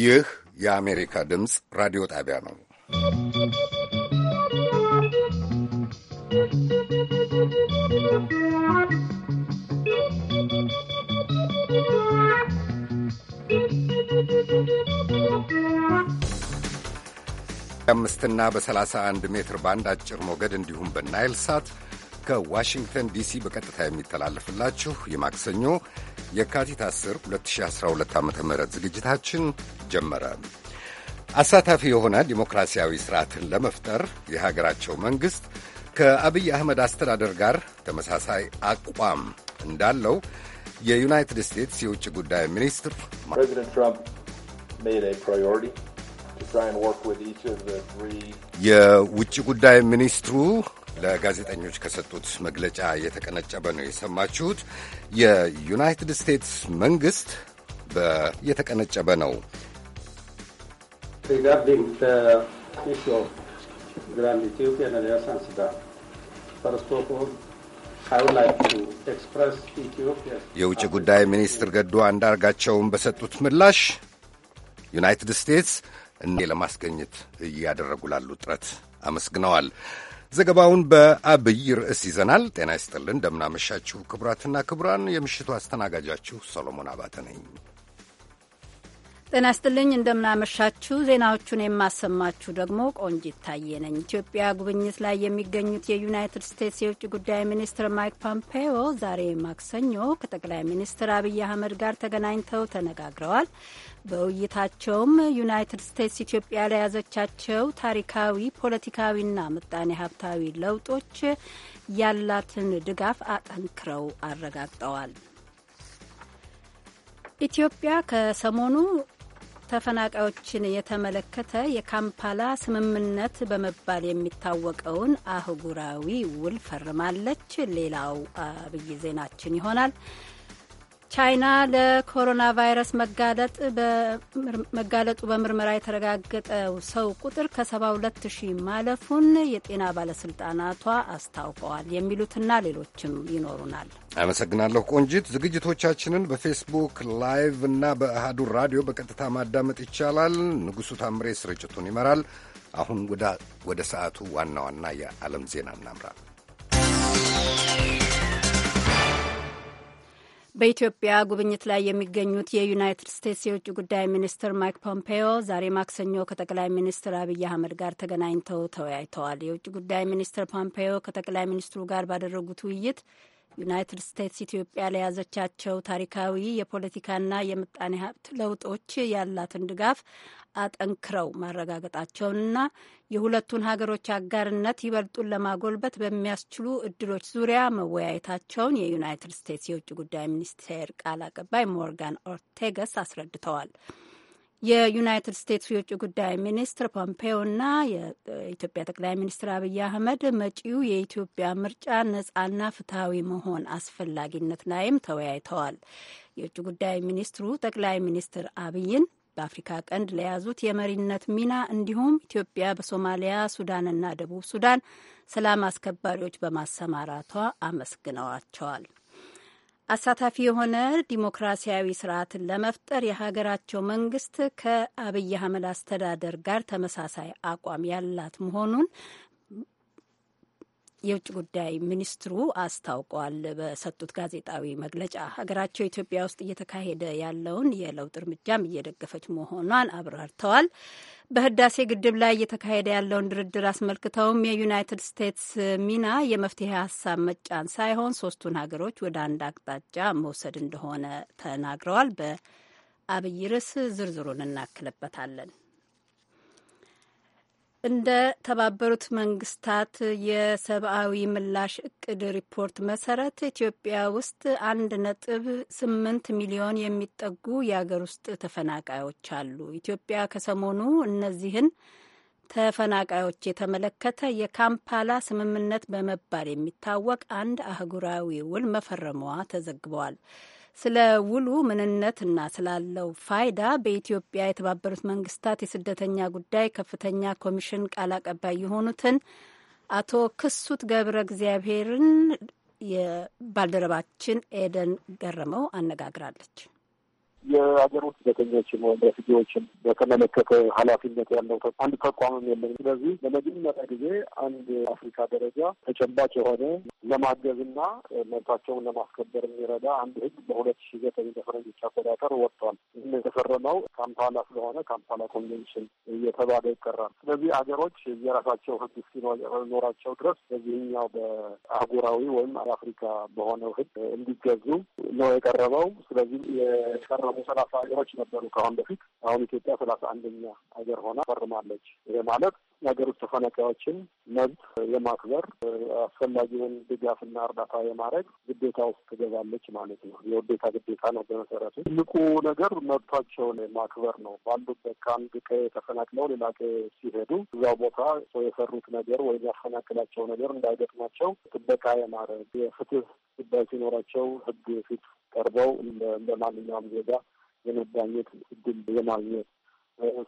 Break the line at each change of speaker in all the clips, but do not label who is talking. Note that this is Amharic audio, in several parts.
ይህ የአሜሪካ ድምፅ ራዲዮ ጣቢያ ነው። አምስትና በ31 ሜትር ባንድ አጭር ሞገድ እንዲሁም በናይል ሳት ከዋሽንግተን ዲሲ በቀጥታ የሚተላለፍላችሁ የማክሰኞ የካቲት 10 2012 ዓ ም ዝግጅታችን ጀመረ። አሳታፊ የሆነ ዲሞክራሲያዊ ስርዓትን ለመፍጠር የሀገራቸው መንግሥት ከአብይ አህመድ አስተዳደር ጋር ተመሳሳይ አቋም እንዳለው የዩናይትድ ስቴትስ የውጭ ጉዳይ ሚኒስትር የውጭ ጉዳይ ሚኒስትሩ ለጋዜጠኞች ከሰጡት መግለጫ የተቀነጨበ ነው የሰማችሁት። የዩናይትድ ስቴትስ መንግስት የተቀነጨበ ነው። የውጭ ጉዳይ ሚኒስትር ገዱ አንዳርጋቸውን በሰጡት ምላሽ ዩናይትድ ስቴትስ እኔ ለማስገኘት እያደረጉ ላሉ ጥረት አመስግነዋል። ዘገባውን በአብይ ርዕስ ይዘናል። ጤና ይስጥልን፣ እንደምናመሻችሁ ክቡራትና ክቡራን፣ የምሽቱ አስተናጋጃችሁ ሰሎሞን አባተ ነኝ።
ጤና ይስጥልኝ፣ እንደምናመሻችሁ። ዜናዎቹን የማሰማችሁ ደግሞ ቆንጂ ይታየ ነኝ። ኢትዮጵያ ጉብኝት ላይ የሚገኙት የዩናይትድ ስቴትስ የውጭ ጉዳይ ሚኒስትር ማይክ ፖምፔዮ ዛሬ ማክሰኞ ከጠቅላይ ሚኒስትር አብይ አህመድ ጋር ተገናኝተው ተነጋግረዋል። በውይይታቸውም ዩናይትድ ስቴትስ ኢትዮጵያ ላይ ያዘቻቸው ታሪካዊ ፖለቲካዊና ምጣኔ ሀብታዊ ለውጦች ያላትን ድጋፍ አጠንክረው አረጋግጠዋል። ኢትዮጵያ ከሰሞኑ ተፈናቃዮችን የተመለከተ የካምፓላ ስምምነት በመባል የሚታወቀውን አህጉራዊ ውል ፈርማለች። ሌላው አብይ ዜናችን ይሆናል። ቻይና ለኮሮና ቫይረስ መጋለጡ በምርመራ የተረጋገጠው ሰው ቁጥር ከ72 ሺህ ማለፉን የጤና ባለስልጣናቷ አስታውቀዋል። የሚሉትና ሌሎችም ይኖሩናል።
አመሰግናለሁ ቆንጂት። ዝግጅቶቻችንን በፌስቡክ ላይቭ እና በአህዱ ራዲዮ በቀጥታ ማዳመጥ ይቻላል። ንጉሡ ታምሬ ስርጭቱን ይመራል። አሁን ወደ ሰዓቱ ዋና ዋና የዓለም ዜና እናምራል።
በኢትዮጵያ ጉብኝት ላይ የሚገኙት የዩናይትድ ስቴትስ የውጭ ጉዳይ ሚኒስትር ማይክ ፖምፔዮ ዛሬ ማክሰኞ ከጠቅላይ ሚኒስትር አብይ አህመድ ጋር ተገናኝተው ተወያይተዋል። የውጭ ጉዳይ ሚኒስትር ፖምፔዮ ከጠቅላይ ሚኒስትሩ ጋር ባደረጉት ውይይት ዩናይትድ ስቴትስ ኢትዮጵያ ለያዘቻቸው ታሪካዊ የፖለቲካና የምጣኔ ሀብት ለውጦች ያላትን ድጋፍ አጠንክረው ማረጋገጣቸውንና የሁለቱን ሀገሮች አጋርነት ይበልጡን ለማጎልበት በሚያስችሉ እድሎች ዙሪያ መወያየታቸውን የዩናይትድ ስቴትስ የውጭ ጉዳይ ሚኒስቴር ቃል አቀባይ ሞርጋን ኦርቴገስ አስረድተዋል። የዩናይትድ ስቴትስ የውጭ ጉዳይ ሚኒስትር ፖምፔዮና የኢትዮጵያ ጠቅላይ ሚኒስትር አብይ አህመድ መጪው የኢትዮጵያ ምርጫ ነጻና ፍትሐዊ መሆን አስፈላጊነት ላይም ተወያይተዋል። የውጭ ጉዳይ ሚኒስትሩ ጠቅላይ ሚኒስትር አብይን በአፍሪካ ቀንድ ለያዙት የመሪነት ሚና እንዲሁም ኢትዮጵያ በሶማሊያ ሱዳንና ደቡብ ሱዳን ሰላም አስከባሪዎች በማሰማራቷ አመስግነዋቸዋል። አሳታፊ የሆነ ዲሞክራሲያዊ ስርዓትን ለመፍጠር የሀገራቸው መንግስት ከአብይ አህመድ አስተዳደር ጋር ተመሳሳይ አቋም ያላት መሆኑን የውጭ ጉዳይ ሚኒስትሩ አስታውቀዋል። በሰጡት ጋዜጣዊ መግለጫ ሀገራቸው ኢትዮጵያ ውስጥ እየተካሄደ ያለውን የለውጥ እርምጃም እየደገፈች መሆኗን አብራርተዋል። በህዳሴ ግድብ ላይ እየተካሄደ ያለውን ድርድር አስመልክተውም የዩናይትድ ስቴትስ ሚና የመፍትሄ ሀሳብ መጫን ሳይሆን ሶስቱን ሀገሮች ወደ አንድ አቅጣጫ መውሰድ እንደሆነ ተናግረዋል። በአብይ ርዕስ ዝርዝሩን እናክልበታለን። እንደ ተባበሩት መንግስታት የሰብአዊ ምላሽ እቅድ ሪፖርት መሰረት ኢትዮጵያ ውስጥ አንድ ነጥብ ስምንት ሚሊዮን የሚጠጉ የአገር ውስጥ ተፈናቃዮች አሉ። ኢትዮጵያ ከሰሞኑ እነዚህን ተፈናቃዮች የተመለከተ የካምፓላ ስምምነት በመባል የሚታወቅ አንድ አህጉራዊ ውል መፈረሟ ተዘግበዋል። ስለ ውሉ ምንነትና ስላለው ፋይዳ በኢትዮጵያ የተባበሩት መንግስታት የስደተኛ ጉዳይ ከፍተኛ ኮሚሽን ቃል አቀባይ የሆኑትን አቶ ክሱት ገብረ እግዚአብሔርን የባልደረባችን ኤደን ገረመው አነጋግራለች።
የሀገር ውስጥ ስደተኞችን ወይም ረፍጊዎችን በተመለከተ ኃላፊነት ያለው አንድ ተቋምም የለም። ስለዚህ ለመጀመሪያ ጊዜ አንድ አፍሪካ ደረጃ ተጨባጭ የሆነ ለማገዝና መብታቸውን ለማስከበር የሚረዳ አንድ ህግ በሁለት ሺ ዘጠኝ በፈረንጆች አቆጣጠር ወጥቷል። ይህን የተፈረመው ካምፓላ ስለሆነ ካምፓላ ኮንቬንሽን እየተባለ ይጠራል። ስለዚህ አገሮች የራሳቸው ህግ እስኪኖራቸው ድረስ በዚህኛው በአህጉራዊ ወይም አፍሪካ በሆነው ህግ እንዲገዙ ነው የቀረበው። ስለዚህ የቀረቡ ወደ ሰላሳ ሀገሮች ነበሩ ከአሁን በፊት። አሁን ኢትዮጵያ ሰላሳ አንደኛ ሀገር ሆና ፈርማለች። ይሄ ማለት የሀገር ውስጥ ተፈናቃዮችን መብት የማክበር አስፈላጊውን ድጋፍና እርዳታ የማድረግ ግዴታ ውስጥ ትገባለች ማለት ነው። የውዴታ ግዴታ ነው። በመሰረቱ ትልቁ ነገር መብታቸውን ማክበር ነው። ባሉበት ከአንድ ቀ ተፈናቅለው ሌላ ቀ ሲሄዱ እዛው ቦታ ሰው የሰሩት ነገር ወይም ያፈናቅላቸው ነገር እንዳይገጥማቸው ጥበቃ የማድረግ የፍትህ ጉዳይ ሲኖራቸው ህግ ፊት ቀርበው እንደ ማንኛውም ዜጋ የመዳኘት እድል የማግኘት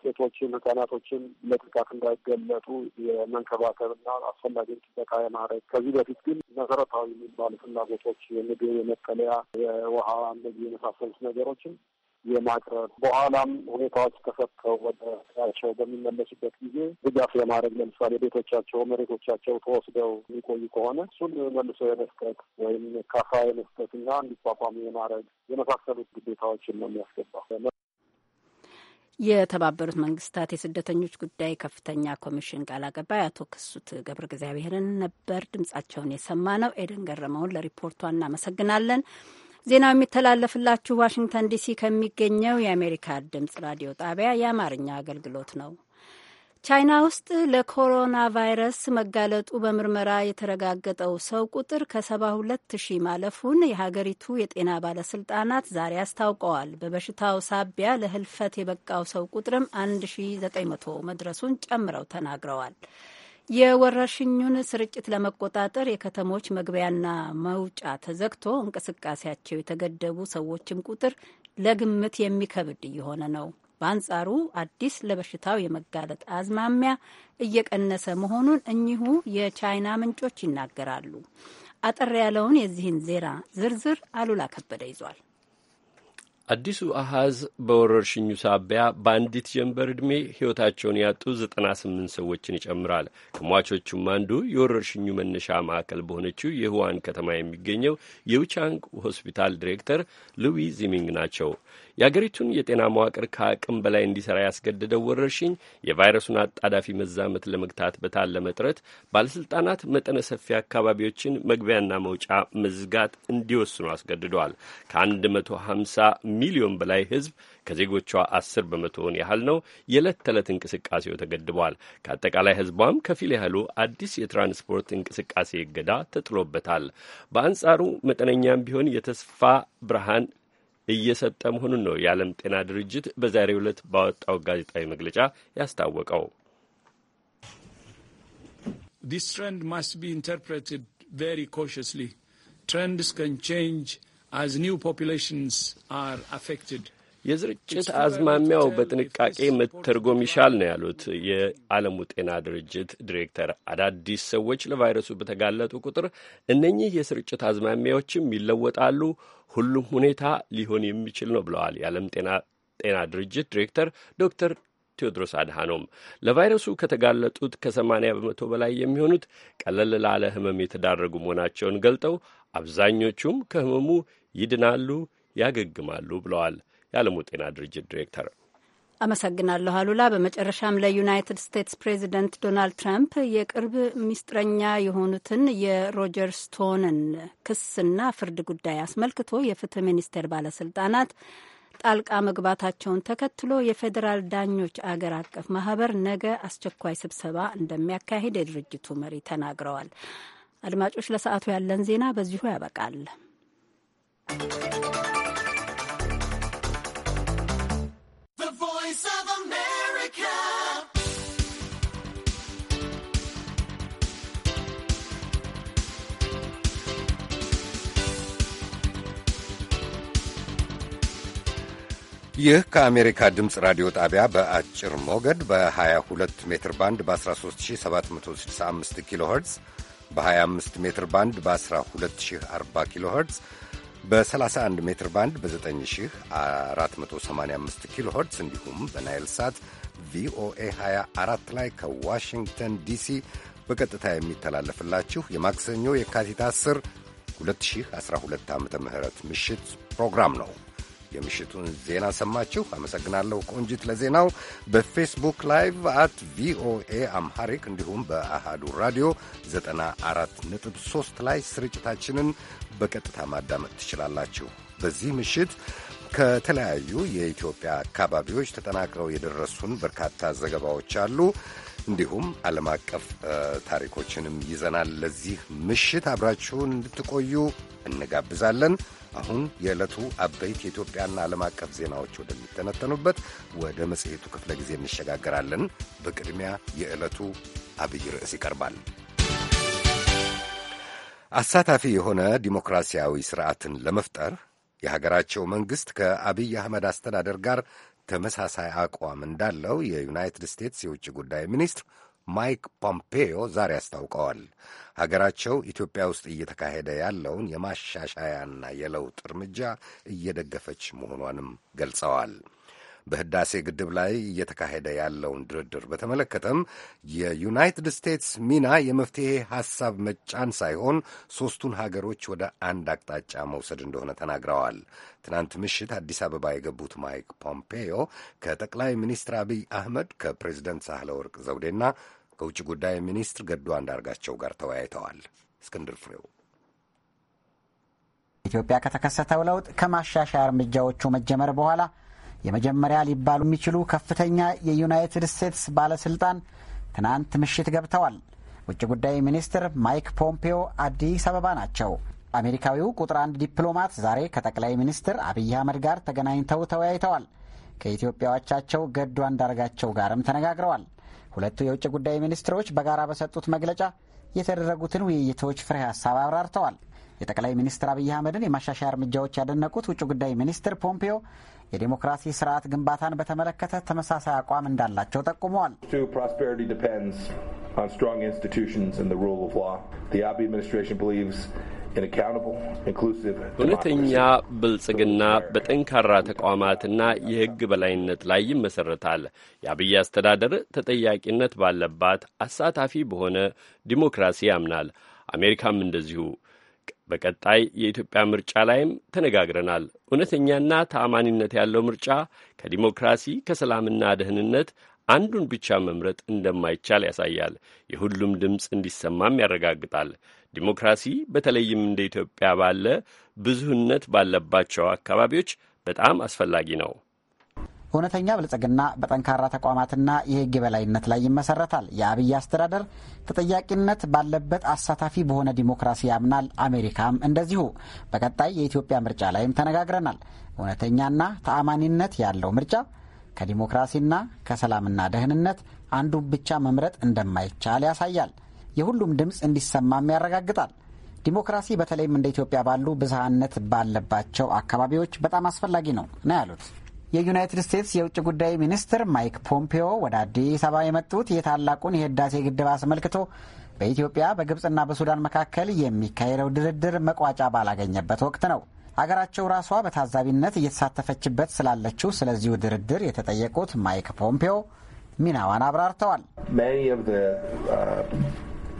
ሴቶችን፣ ህጻናቶችን ለጥቃት እንዳይገለጡ የመንከባከብና አስፈላጊ ጥበቃ የማድረግ ከዚህ በፊት ግን መሰረታዊ የሚባሉ ፍላጎቶች የምግብ፣ የመጠለያ፣ የውሃ እነዚህ የመሳሰሉት ነገሮችን የማቅረብ በኋላም ሁኔታዎች ተፈተው ወደ ስራቸው በሚመለሱበት ጊዜ ድጋፍ የማድረግ ለምሳሌ ቤቶቻቸው፣ መሬቶቻቸው ተወስደው የሚቆዩ ከሆነ እሱን መልሶ የመስጠት ወይም ካሳ የመስጠት እና እንዲቋቋሙ የማድረግ የመሳሰሉት ግዴታዎችን ነው የሚያስገባው።
የተባበሩት መንግስታት የስደተኞች ጉዳይ ከፍተኛ ኮሚሽን ቃል አቀባይ አቶ ክሱት ገብረ እግዚአብሔርን ነበር ድምጻቸውን የሰማ ነው። ኤደን ገረመውን ለሪፖርቷ እናመሰግናለን። ዜናው የሚተላለፍላችሁ ዋሽንግተን ዲሲ ከሚገኘው የአሜሪካ ድምጽ ራዲዮ ጣቢያ የአማርኛ አገልግሎት ነው። ቻይና ውስጥ ለኮሮና ቫይረስ መጋለጡ በምርመራ የተረጋገጠው ሰው ቁጥር ከ72 ሺህ ማለፉን የሀገሪቱ የጤና ባለስልጣናት ዛሬ አስታውቀዋል። በበሽታው ሳቢያ ለህልፈት የበቃው ሰው ቁጥርም 1900 መድረሱን ጨምረው ተናግረዋል። የወረርሽኙን ስርጭት ለመቆጣጠር የከተሞች መግቢያና መውጫ ተዘግቶ እንቅስቃሴያቸው የተገደቡ ሰዎችም ቁጥር ለግምት የሚከብድ እየሆነ ነው። በአንጻሩ አዲስ ለበሽታው የመጋለጥ አዝማሚያ እየቀነሰ መሆኑን እኚሁ የቻይና ምንጮች ይናገራሉ። አጠር ያለውን የዚህን ዜና ዝርዝር አሉላ ከበደ ይዟል።
አዲሱ አሃዝ በወረርሽኙ ሳቢያ በአንዲት ጀንበር ዕድሜ ሕይወታቸውን ያጡ ዘጠና ስምንት ሰዎችን ይጨምራል። ከሟቾቹም አንዱ የወረርሽኙ መነሻ ማዕከል በሆነችው የህዋን ከተማ የሚገኘው የውቻንግ ሆስፒታል ዲሬክተር ሉዊ ዚሚንግ ናቸው። የአገሪቱን የጤና መዋቅር ከአቅም በላይ እንዲሰራ ያስገደደው ወረርሽኝ የቫይረሱን አጣዳፊ መዛመት ለመግታት በታለመ ጥረት ባለሥልጣናት መጠነ ሰፊ አካባቢዎችን መግቢያና መውጫ መዝጋት እንዲወስኑ አስገድደዋል። ከ150 ሚሊዮን በላይ ሕዝብ ከዜጎቿ 10 በመቶውን ያህል ነው የዕለት ተዕለት እንቅስቃሴው ተገድቧል። ከአጠቃላይ ህዝቧም ከፊል ያህሉ አዲስ የትራንስፖርት እንቅስቃሴ እገዳ ተጥሎበታል። በአንጻሩ መጠነኛም ቢሆን የተስፋ ብርሃን እየሰጠ መሆኑን ነው የዓለም ጤና ድርጅት በዛሬው ዕለት ባወጣው ጋዜጣዊ መግለጫ ያስታወቀው።
ዲስ ትሬንድ ማስት ኢንተርፕሬትድ ቬሪ ኮሽስሊ ትሬንድስ ካን ቼንጅ አዝ ኒው ፖፑሌሽንስ አር አፌክትድ የስርጭት አዝማሚያው
በጥንቃቄ መተርጎም ይሻል ነው ያሉት የዓለሙ ጤና ድርጅት ዲሬክተር። አዳዲስ ሰዎች ለቫይረሱ በተጋለጡ ቁጥር እነኚህ የስርጭት አዝማሚያዎችም ይለወጣሉ። ሁሉም ሁኔታ ሊሆን የሚችል ነው ብለዋል የዓለም ጤና ድርጅት ዲሬክተር ዶክተር ቴዎድሮስ አድሃኖም ለቫይረሱ ከተጋለጡት ከ በመቶ በላይ የሚሆኑት ቀለል ላለ ህመም የተዳረጉ መሆናቸውን ገልጠው አብዛኞቹም ከህመሙ ይድናሉ፣ ያገግማሉ ብለዋል። የዓለሙ ጤና ድርጅት ዲሬክተር።
አመሰግናለሁ አሉላ። በመጨረሻም ለዩናይትድ ስቴትስ ፕሬዚደንት ዶናልድ ትራምፕ የቅርብ ሚስጥረኛ የሆኑትን የሮጀር ስቶንን ክስና ፍርድ ጉዳይ አስመልክቶ የፍትህ ሚኒስቴር ባለስልጣናት ጣልቃ መግባታቸውን ተከትሎ የፌዴራል ዳኞች አገር አቀፍ ማህበር ነገ አስቸኳይ ስብሰባ እንደሚያካሂድ የድርጅቱ መሪ ተናግረዋል። አድማጮች፣ ለሰዓቱ ያለን ዜና በዚሁ ያበቃል።
ይህ ከአሜሪካ ድምፅ ራዲዮ ጣቢያ በአጭር ሞገድ በ22 ሜትር ባንድ በ13765 ኪሎ ኸርትዝ በ25 ሜትር ባንድ በ1240 ኪሎ ኸርትዝ በ31 ሜትር ባንድ በ9485 ኪሎ ኸርትዝ እንዲሁም በናይል ሳት ቪኦኤ 24 ላይ ከዋሽንግተን ዲሲ በቀጥታ የሚተላለፍላችሁ የማክሰኞ የካቲት 10 2012 ዓ ም ምሽት ፕሮግራም ነው። የምሽቱን ዜና ሰማችሁ። አመሰግናለሁ ቆንጂት ለዜናው። በፌስቡክ ላይቭ አት ቪኦኤ አምሃሪክ እንዲሁም በአሃዱ ራዲዮ 94.3 ላይ ስርጭታችንን በቀጥታ ማዳመጥ ትችላላችሁ። በዚህ ምሽት ከተለያዩ የኢትዮጵያ አካባቢዎች ተጠናቅረው የደረሱን በርካታ ዘገባዎች አሉ። እንዲሁም ዓለም አቀፍ ታሪኮችንም ይዘናል። ለዚህ ምሽት አብራችሁን እንድትቆዩ እንጋብዛለን። አሁን የዕለቱ አበይት የኢትዮጵያና ዓለም አቀፍ ዜናዎች ወደሚተነተኑበት ወደ መጽሔቱ ክፍለ ጊዜ እንሸጋገራለን። በቅድሚያ የዕለቱ አብይ ርዕስ ይቀርባል። አሳታፊ የሆነ ዲሞክራሲያዊ ስርዓትን ለመፍጠር የሀገራቸው መንግሥት ከአብይ አህመድ አስተዳደር ጋር ተመሳሳይ አቋም እንዳለው የዩናይትድ ስቴትስ የውጭ ጉዳይ ሚኒስትር ማይክ ፖምፔዮ ዛሬ አስታውቀዋል። ሀገራቸው ኢትዮጵያ ውስጥ እየተካሄደ ያለውን የማሻሻያና የለውጥ እርምጃ እየደገፈች መሆኗንም ገልጸዋል። በህዳሴ ግድብ ላይ እየተካሄደ ያለውን ድርድር በተመለከተም የዩናይትድ ስቴትስ ሚና የመፍትሄ ሐሳብ መጫን ሳይሆን ሦስቱን ሀገሮች ወደ አንድ አቅጣጫ መውሰድ እንደሆነ ተናግረዋል። ትናንት ምሽት አዲስ አበባ የገቡት ማይክ ፖምፔዮ ከጠቅላይ ሚኒስትር አብይ አህመድ ከፕሬዚደንት ሳህለ ወርቅ ዘውዴና ከውጭ ጉዳይ ሚኒስትር ገዱ አንዳርጋቸው ጋር ተወያይተዋል። እስክንድር ፍሬው
ኢትዮጵያ ከተከሰተው ለውጥ ከማሻሻያ እርምጃዎቹ መጀመር በኋላ የመጀመሪያ ሊባሉ የሚችሉ ከፍተኛ የዩናይትድ ስቴትስ ባለስልጣን ትናንት ምሽት ገብተዋል። ውጭ ጉዳይ ሚኒስትር ማይክ ፖምፔዮ አዲስ አበባ ናቸው። አሜሪካዊው ቁጥር አንድ ዲፕሎማት ዛሬ ከጠቅላይ ሚኒስትር አብይ አህመድ ጋር ተገናኝተው ተወያይተዋል። ከኢትዮጵያዎቻቸው ገዱ አንዳርጋቸው ጋርም ተነጋግረዋል። ሁለቱ የውጭ ጉዳይ ሚኒስትሮች በጋራ በሰጡት መግለጫ የተደረጉትን ውይይቶች ፍሬ ሀሳብ አብራርተዋል። የጠቅላይ ሚኒስትር አብይ አህመድን የማሻሻያ እርምጃዎች ያደነቁት ውጭ ጉዳይ ሚኒስትር ፖምፔዮ የዴሞክራሲ ስርዓት ግንባታን በተመለከተ ተመሳሳይ አቋም እንዳላቸው ጠቁመዋል።
እውነተኛ
ብልጽግና በጠንካራ ተቋማትና የሕግ በላይነት ላይ ይመሰረታል። የአብይ አስተዳደር ተጠያቂነት ባለባት አሳታፊ በሆነ ዲሞክራሲ ያምናል። አሜሪካም እንደዚሁ በቀጣይ የኢትዮጵያ ምርጫ ላይም ተነጋግረናል። እውነተኛና ተአማኒነት ያለው ምርጫ ከዲሞክራሲ ከሰላምና ደህንነት አንዱን ብቻ መምረጥ እንደማይቻል ያሳያል። የሁሉም ድምፅ እንዲሰማም ያረጋግጣል። ዲሞክራሲ በተለይም እንደ ኢትዮጵያ ባለ ብዙህነት ባለባቸው አካባቢዎች በጣም አስፈላጊ ነው።
እውነተኛ ብልጽግና በጠንካራ ተቋማትና የህግ የበላይነት ላይ ይመሰረታል። የአብይ አስተዳደር ተጠያቂነት ባለበት አሳታፊ በሆነ ዲሞክራሲ ያምናል። አሜሪካም እንደዚሁ። በቀጣይ የኢትዮጵያ ምርጫ ላይም ተነጋግረናል። እውነተኛና ተአማኒነት ያለው ምርጫ ከዲሞክራሲና ከሰላምና ደህንነት አንዱን ብቻ መምረጥ እንደማይቻል ያሳያል። የሁሉም ድምፅ እንዲሰማም ያረጋግጣል። ዲሞክራሲ በተለይም እንደ ኢትዮጵያ ባሉ ብዝሃነት ባለባቸው አካባቢዎች በጣም አስፈላጊ ነው ነው ያሉት የዩናይትድ ስቴትስ የውጭ ጉዳይ ሚኒስትር ማይክ ፖምፒዮ ወደ አዲስ አበባ የመጡት የታላቁን የህዳሴ ግድብ አስመልክቶ በኢትዮጵያ በግብፅና በሱዳን መካከል የሚካሄደው ድርድር መቋጫ ባላገኘበት ወቅት ነው። አገራቸው ራሷ በታዛቢነት እየተሳተፈችበት ስላለችው ስለዚሁ ድርድር የተጠየቁት ማይክ ፖምፒዮ ሚናዋን አብራርተዋል። uh,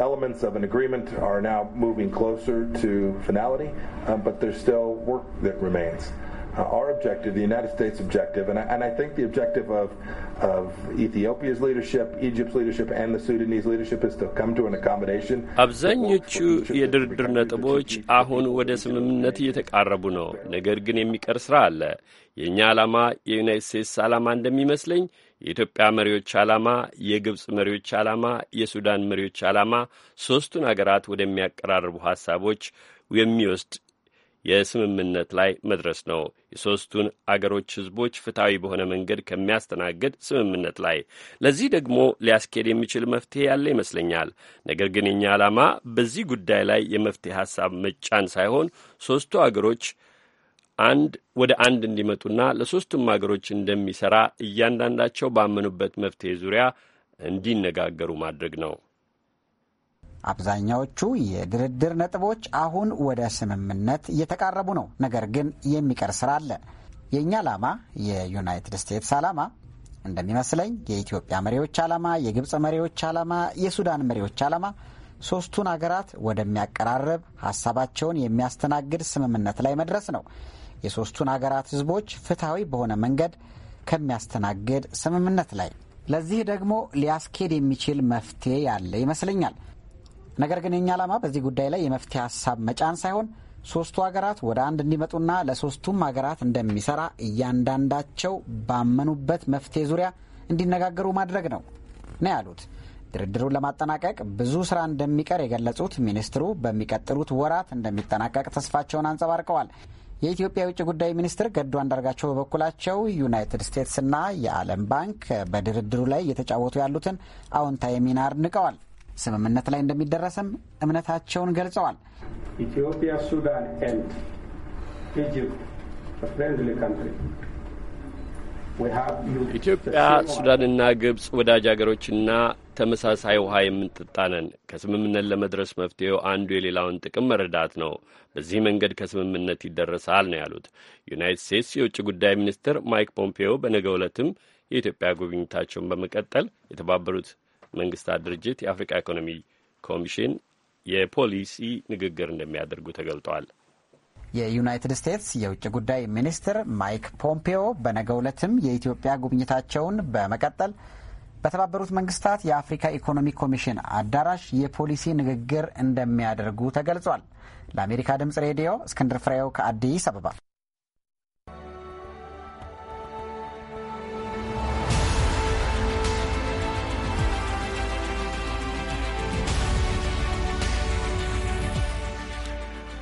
elements of an agreement are now moving closer to finality, um, but there's
still work that remains. uh, our objective, the United States objective, and I, and I think the objective of, of Ethiopia's leadership, Egypt's leadership, and the Sudanese leadership is to come to an accommodation.
አብዛኞቹ የድርድር ነጥቦች አሁን ወደ ስምምነት እየተቃረቡ ነው። ነገር ግን የሚቀር ስራ አለ። የእኛ ዓላማ የዩናይት ስቴትስ ዓላማ እንደሚመስለኝ የኢትዮጵያ መሪዎች ዓላማ፣ የግብፅ መሪዎች ዓላማ፣ የሱዳን መሪዎች ዓላማ ሦስቱን አገራት ወደሚያቀራርቡ ሐሳቦች የሚወስድ የስምምነት ላይ መድረስ ነው። የሦስቱን አገሮች ህዝቦች ፍትሐዊ በሆነ መንገድ ከሚያስተናግድ ስምምነት ላይ ለዚህ ደግሞ ሊያስኬድ የሚችል መፍትሄ ያለ ይመስለኛል። ነገር ግን እኛ ዓላማ በዚህ ጉዳይ ላይ የመፍትሄ ሀሳብ መጫን ሳይሆን ሦስቱ አገሮች አንድ ወደ አንድ እንዲመጡና ለሦስቱም አገሮች እንደሚሠራ እያንዳንዳቸው ባመኑበት መፍትሄ ዙሪያ እንዲነጋገሩ ማድረግ ነው።
አብዛኛዎቹ የድርድር ነጥቦች አሁን ወደ ስምምነት እየተቃረቡ ነው። ነገር ግን የሚቀር ስራ አለ። የእኛ ዓላማ፣ የዩናይትድ ስቴትስ ዓላማ እንደሚመስለኝ፣ የኢትዮጵያ መሪዎች ዓላማ፣ የግብፅ መሪዎች ዓላማ፣ የሱዳን መሪዎች ዓላማ ሶስቱን አገራት ወደሚያቀራርብ ሀሳባቸውን የሚያስተናግድ ስምምነት ላይ መድረስ ነው። የሶስቱን አገራት ህዝቦች ፍትሐዊ በሆነ መንገድ ከሚያስተናግድ ስምምነት ላይ ለዚህ ደግሞ ሊያስኬድ የሚችል መፍትሄ ያለ ይመስለኛል። ነገር ግን የኛ ዓላማ በዚህ ጉዳይ ላይ የመፍትሄ ሀሳብ መጫን ሳይሆን ሶስቱ ሀገራት ወደ አንድ እንዲመጡና ለሶስቱም ሀገራት እንደሚሰራ እያንዳንዳቸው ባመኑበት መፍትሄ ዙሪያ እንዲነጋገሩ ማድረግ ነው ነው ያሉት። ድርድሩን ለማጠናቀቅ ብዙ ስራ እንደሚቀር የገለጹት ሚኒስትሩ በሚቀጥሉት ወራት እንደሚጠናቀቅ ተስፋቸውን አንጸባርቀዋል። የኢትዮጵያ የውጭ ጉዳይ ሚኒስትር ገዱ አንዳርጋቸው በበኩላቸው ዩናይትድ ስቴትስና የዓለም ባንክ በድርድሩ ላይ እየተጫወቱ ያሉትን አዎንታዊ ሚና አድንቀዋል። ስምምነት ላይ እንደሚደረስም እምነታቸውን ገልጸዋል።
ኢትዮጵያ ሱዳን ኤንድ
ኢጅፕት ፍሬንድሊ ካንትሪ ኢትዮጵያ ሱዳንና ግብጽ ወዳጅ አገሮችና ተመሳሳይ ውሃ የምንጠጣነን ከስምምነት ለመድረስ መፍትሄው አንዱ የሌላውን ጥቅም መረዳት ነው። በዚህ መንገድ ከስምምነት ይደረሳል ነው ያሉት። ዩናይትድ ስቴትስ የውጭ ጉዳይ ሚኒስትር ማይክ ፖምፔዮ በነገው ዕለትም የኢትዮጵያ ጉብኝታቸውን በመቀጠል የተባበሩት መንግስታት ድርጅት የአፍሪካ ኢኮኖሚ ኮሚሽን የፖሊሲ ንግግር እንደሚያደርጉ ተገልጧል።
የዩናይትድ ስቴትስ የውጭ ጉዳይ ሚኒስትር ማይክ ፖምፔዮ በነገው ዕለትም የኢትዮጵያ ጉብኝታቸውን በመቀጠል በተባበሩት መንግስታት የአፍሪካ ኢኮኖሚ ኮሚሽን አዳራሽ የፖሊሲ ንግግር እንደሚያደርጉ ተገልጿል። ለአሜሪካ ድምጽ ሬዲዮ እስክንድር ፍሬው ከአዲስ አበባ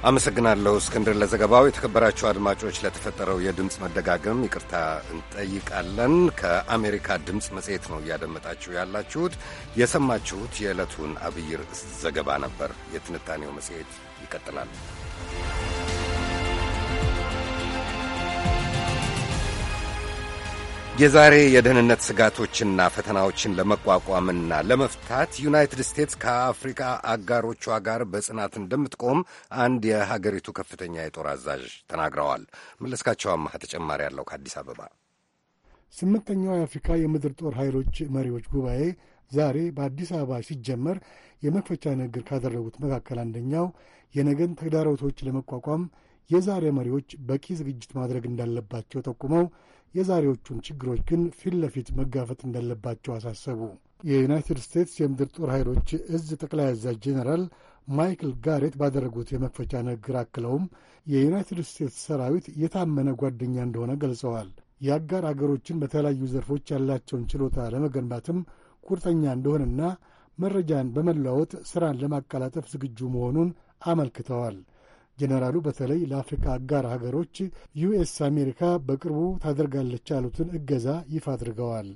አመሰግናለሁ እስክንድር ለዘገባው። የተከበራችሁ አድማጮች ለተፈጠረው የድምፅ መደጋገም ይቅርታ እንጠይቃለን። ከአሜሪካ ድምፅ መጽሔት ነው እያደመጣችሁ ያላችሁት። የሰማችሁት የዕለቱን አብይ ርዕስ ዘገባ ነበር። የትንታኔው መጽሔት ይቀጥላል። የዛሬ የደህንነት ስጋቶችና ፈተናዎችን ለመቋቋምና ለመፍታት ዩናይትድ ስቴትስ ከአፍሪካ አጋሮቿ ጋር በጽናት እንደምትቆም አንድ የሀገሪቱ ከፍተኛ የጦር አዛዥ ተናግረዋል። መለስካቸው አማሃ ተጨማሪ ያለው ከአዲስ አበባ።
ስምንተኛው የአፍሪካ የምድር ጦር ኃይሎች መሪዎች ጉባኤ ዛሬ በአዲስ አበባ ሲጀመር የመክፈቻ ንግግር ካደረጉት መካከል አንደኛው የነገን ተግዳሮቶች ለመቋቋም የዛሬ መሪዎች በቂ ዝግጅት ማድረግ እንዳለባቸው ጠቁመው የዛሬዎቹን ችግሮች ግን ፊት ለፊት መጋፈጥ እንዳለባቸው አሳሰቡ። የዩናይትድ ስቴትስ የምድር ጦር ኃይሎች እዝ ጠቅላይ አዛዥ ጄኔራል ማይክል ጋሬት ባደረጉት የመክፈቻ ንግግር አክለውም የዩናይትድ ስቴትስ ሰራዊት የታመነ ጓደኛ እንደሆነ ገልጸዋል። የአጋር አገሮችን በተለያዩ ዘርፎች ያላቸውን ችሎታ ለመገንባትም ቁርጠኛ እንደሆነና መረጃን በመለዋወጥ ሥራን ለማቀላጠፍ ዝግጁ መሆኑን አመልክተዋል። ጄኔራሉ በተለይ ለአፍሪካ አጋር ሀገሮች ዩኤስ አሜሪካ በቅርቡ ታደርጋለች ያሉትን እገዛ ይፋ አድርገዋል።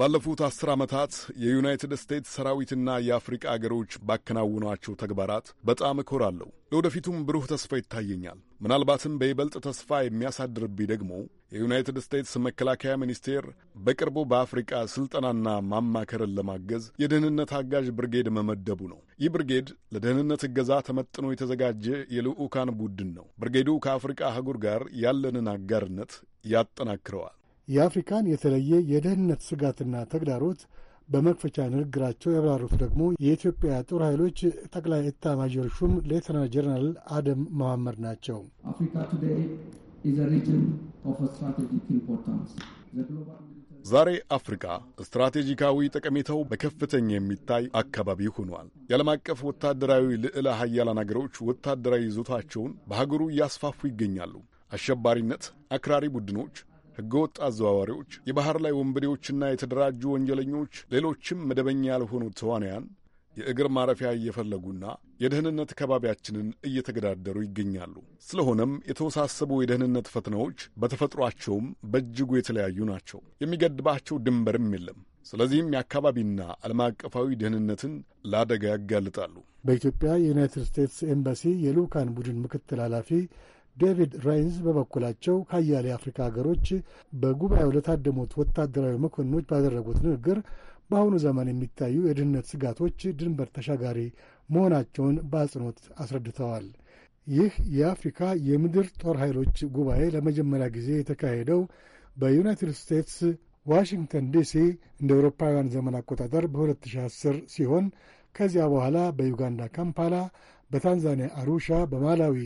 ባለፉት አስር ዓመታት የዩናይትድ ስቴትስ ሰራዊትና የአፍሪቃ አገሮች ባከናውኗቸው ተግባራት በጣም እኮራለሁ። ለወደፊቱም ብሩህ ተስፋ ይታየኛል። ምናልባትም በይበልጥ ተስፋ የሚያሳድርብኝ ደግሞ የዩናይትድ ስቴትስ መከላከያ ሚኒስቴር በቅርቡ በአፍሪቃ ስልጠናና ማማከርን ለማገዝ የደህንነት አጋዥ ብርጌድ መመደቡ ነው። ይህ ብርጌድ ለደህንነት እገዛ ተመጥኖ የተዘጋጀ የልዑካን ቡድን ነው። ብርጌዱ ከአፍሪቃ አህጉር ጋር ያለንን አጋርነት ያጠናክረዋል።
የአፍሪካን የተለየ የደህንነት ስጋትና ተግዳሮት በመክፈቻ ንግግራቸው ያብራሩት ደግሞ የኢትዮጵያ ጦር ኃይሎች ጠቅላይ ኤታማዦር ሹም ሌተና ጀነራል አደም መሐመድ
ናቸው።
ዛሬ አፍሪካ ስትራቴጂካዊ ጠቀሜታው በከፍተኛ የሚታይ አካባቢ ሆኗል። የዓለም አቀፍ ወታደራዊ ልዕለ ሀያላን አገሮች ወታደራዊ ይዞታቸውን በሀገሩ እያስፋፉ ይገኛሉ። አሸባሪነት፣ አክራሪ ቡድኖች፣ ህገወጥ አዘዋዋሪዎች፣ የባህር ላይ ወንበዴዎችና የተደራጁ ወንጀለኞች፣ ሌሎችም መደበኛ ያልሆኑ ተዋንያን የእግር ማረፊያ እየፈለጉና የደህንነት ከባቢያችንን እየተገዳደሩ ይገኛሉ። ስለሆነም የተወሳሰቡ የደህንነት ፈተናዎች በተፈጥሯቸውም በእጅጉ የተለያዩ ናቸው። የሚገድባቸው ድንበርም የለም። ስለዚህም የአካባቢና ዓለም አቀፋዊ ደህንነትን ለአደጋ ያጋልጣሉ።
በኢትዮጵያ የዩናይትድ ስቴትስ ኤምባሲ የልዑካን ቡድን ምክትል ኃላፊ ዴቪድ ራይንዝ በበኩላቸው ከአያሌ አፍሪካ ሀገሮች በጉባኤው ለታደሙት ወታደራዊ መኮንኖች ባደረጉት ንግግር በአሁኑ ዘመን የሚታዩ የድህነት ስጋቶች ድንበር ተሻጋሪ መሆናቸውን በአጽንኦት አስረድተዋል። ይህ የአፍሪካ የምድር ጦር ኃይሎች ጉባኤ ለመጀመሪያ ጊዜ የተካሄደው በዩናይትድ ስቴትስ ዋሽንግተን ዲሲ እንደ አውሮፓውያን ዘመን አቆጣጠር በ2010 ሲሆን ከዚያ በኋላ በዩጋንዳ ካምፓላ፣ በታንዛኒያ አሩሻ፣ በማላዊ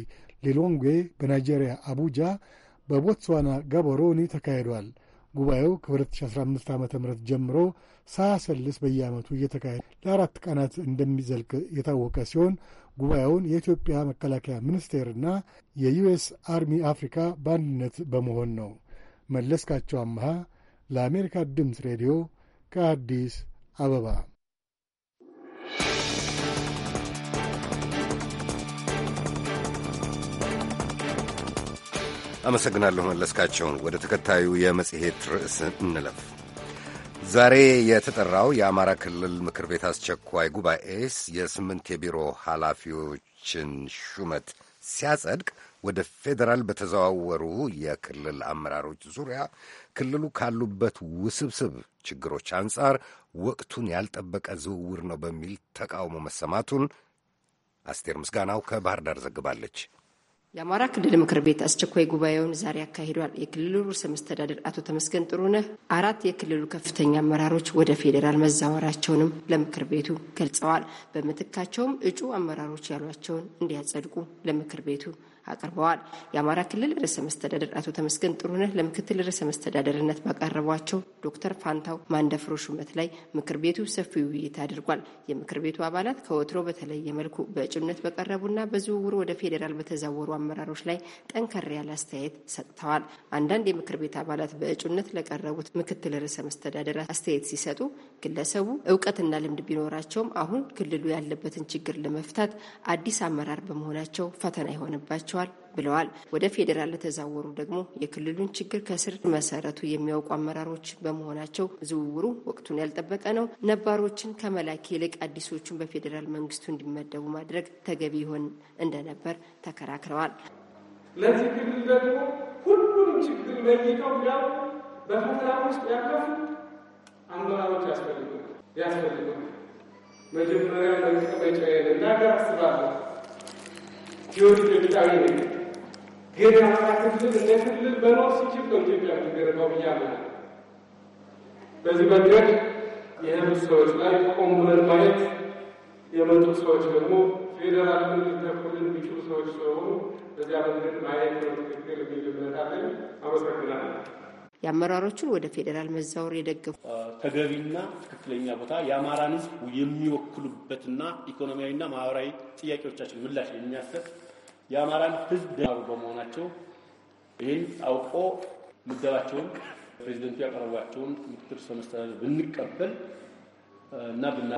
ሊሎንጌ በናይጄሪያ አቡጃ፣ በቦትስዋና ጋቦሮኒ ተካሂዷል። ጉባኤው ከ2015 ዓ ም ጀምሮ ሳያሰልስ በየዓመቱ እየተካሄደ ለአራት ቀናት እንደሚዘልቅ የታወቀ ሲሆን ጉባኤውን የኢትዮጵያ መከላከያ ሚኒስቴርና የዩኤስ አርሚ አፍሪካ በአንድነት በመሆን ነው። መለስካቸው አምሃ ለአሜሪካ ድምፅ ሬዲዮ ከአዲስ አበባ
አመሰግናለሁ መለስካቸው። ወደ ተከታዩ የመጽሔት ርዕስ እንለፍ። ዛሬ የተጠራው የአማራ ክልል ምክር ቤት አስቸኳይ ጉባኤስ የስምንት የቢሮ ኃላፊዎችን ሹመት ሲያጸድቅ ወደ ፌዴራል በተዘዋወሩ የክልል አመራሮች ዙሪያ ክልሉ ካሉበት ውስብስብ ችግሮች አንጻር ወቅቱን ያልጠበቀ ዝውውር ነው በሚል ተቃውሞ መሰማቱን አስቴር ምስጋናው ከባህር ዳር ዘግባለች።
የአማራ ክልል ምክር ቤት አስቸኳይ ጉባኤውን ዛሬ አካሂዷል። የክልሉ ርዕሰ መስተዳደር አቶ ተመስገን ጥሩነህ አራት የክልሉ ከፍተኛ አመራሮች ወደ ፌዴራል መዛወራቸውንም ለምክር ቤቱ ገልጸዋል። በምትካቸውም እጩ አመራሮች ያሏቸውን እንዲያጸድቁ ለምክር ቤቱ አቅርበዋል። የአማራ ክልል ርዕሰ መስተዳደር አቶ ተመስገን ጥሩነህ ለምክትል ርዕሰ መስተዳደርነት ባቀረቧቸው ዶክተር ፋንታው ማንደፍሮ ሹመት ላይ ምክር ቤቱ ሰፊ ውይይት አድርጓል። የምክር ቤቱ አባላት ከወትሮ በተለየ መልኩ በእጩነት በቀረቡና በዝውውሩ ወደ ፌዴራል በተዛወሩ አመራሮች ላይ ጠንከር ያለ አስተያየት ሰጥተዋል። አንዳንድ የምክር ቤት አባላት በእጩነት ለቀረቡት ምክትል ርዕሰ መስተዳደር አስተያየት ሲሰጡ ግለሰቡ እውቀትና ልምድ ቢኖራቸውም አሁን ክልሉ ያለበትን ችግር ለመፍታት አዲስ አመራር በመሆናቸው ፈተና የሆነባቸው ይኖራቸዋል ብለዋል። ወደ ፌዴራል ለተዛወሩ ደግሞ የክልሉን ችግር ከስር መሰረቱ የሚያውቁ አመራሮች በመሆናቸው ዝውውሩ ወቅቱን ያልጠበቀ ነው። ነባሮችን ከመላክ ይልቅ አዲሶቹን በፌዴራል መንግስቱ እንዲመደቡ ማድረግ ተገቢ ይሆን እንደነበር ተከራክረዋል።
ለዚህ ክልል ደግሞ ሁሉም ችግር ለይተው ያሉ በፈተና
ውስጥ ያለፉ አመራሮች ያስፈልጉ ያስፈልጉ መጀመሪያ መንግስት መጫ እንዳገር አስባለሁ የወዱ ኢትዮጵያዊ ነኝ።
ግን የአማራ ክልል እንደ
ክልል መኖር ሲችል ነው ኢትዮጵያ ብያ ብያለሁ።
በዚህ መንገድ የህብ ሰዎች ላይ ቆም ብለን ማየት
የመጡ ሰዎች ደግሞ
ፌዴራል ሊተኩልን የሚችሉ ሰዎች ስለሆኑ በዚያ መንገድ ማየት ነው ትክክል የሚል እምነት አለኝ። አመሰግናለሁ።
የአመራሮቹን ወደ ፌዴራል መዛወር የደገፉ
ተገቢና ትክክለኛ ቦታ የአማራን ህዝብ የሚወክሉበትና ኢኮኖሚያዊና ማህበራዊ ጥያቄዎቻችን ምላሽ የሚያሰጥ የአማራን ህዝብ ደሩ በመሆናቸው ይህን አውቆ ምደባቸውን ፕሬዚደንቱ ያቀረቧቸውን ምክትል ሰመስተዳደር ብንቀበል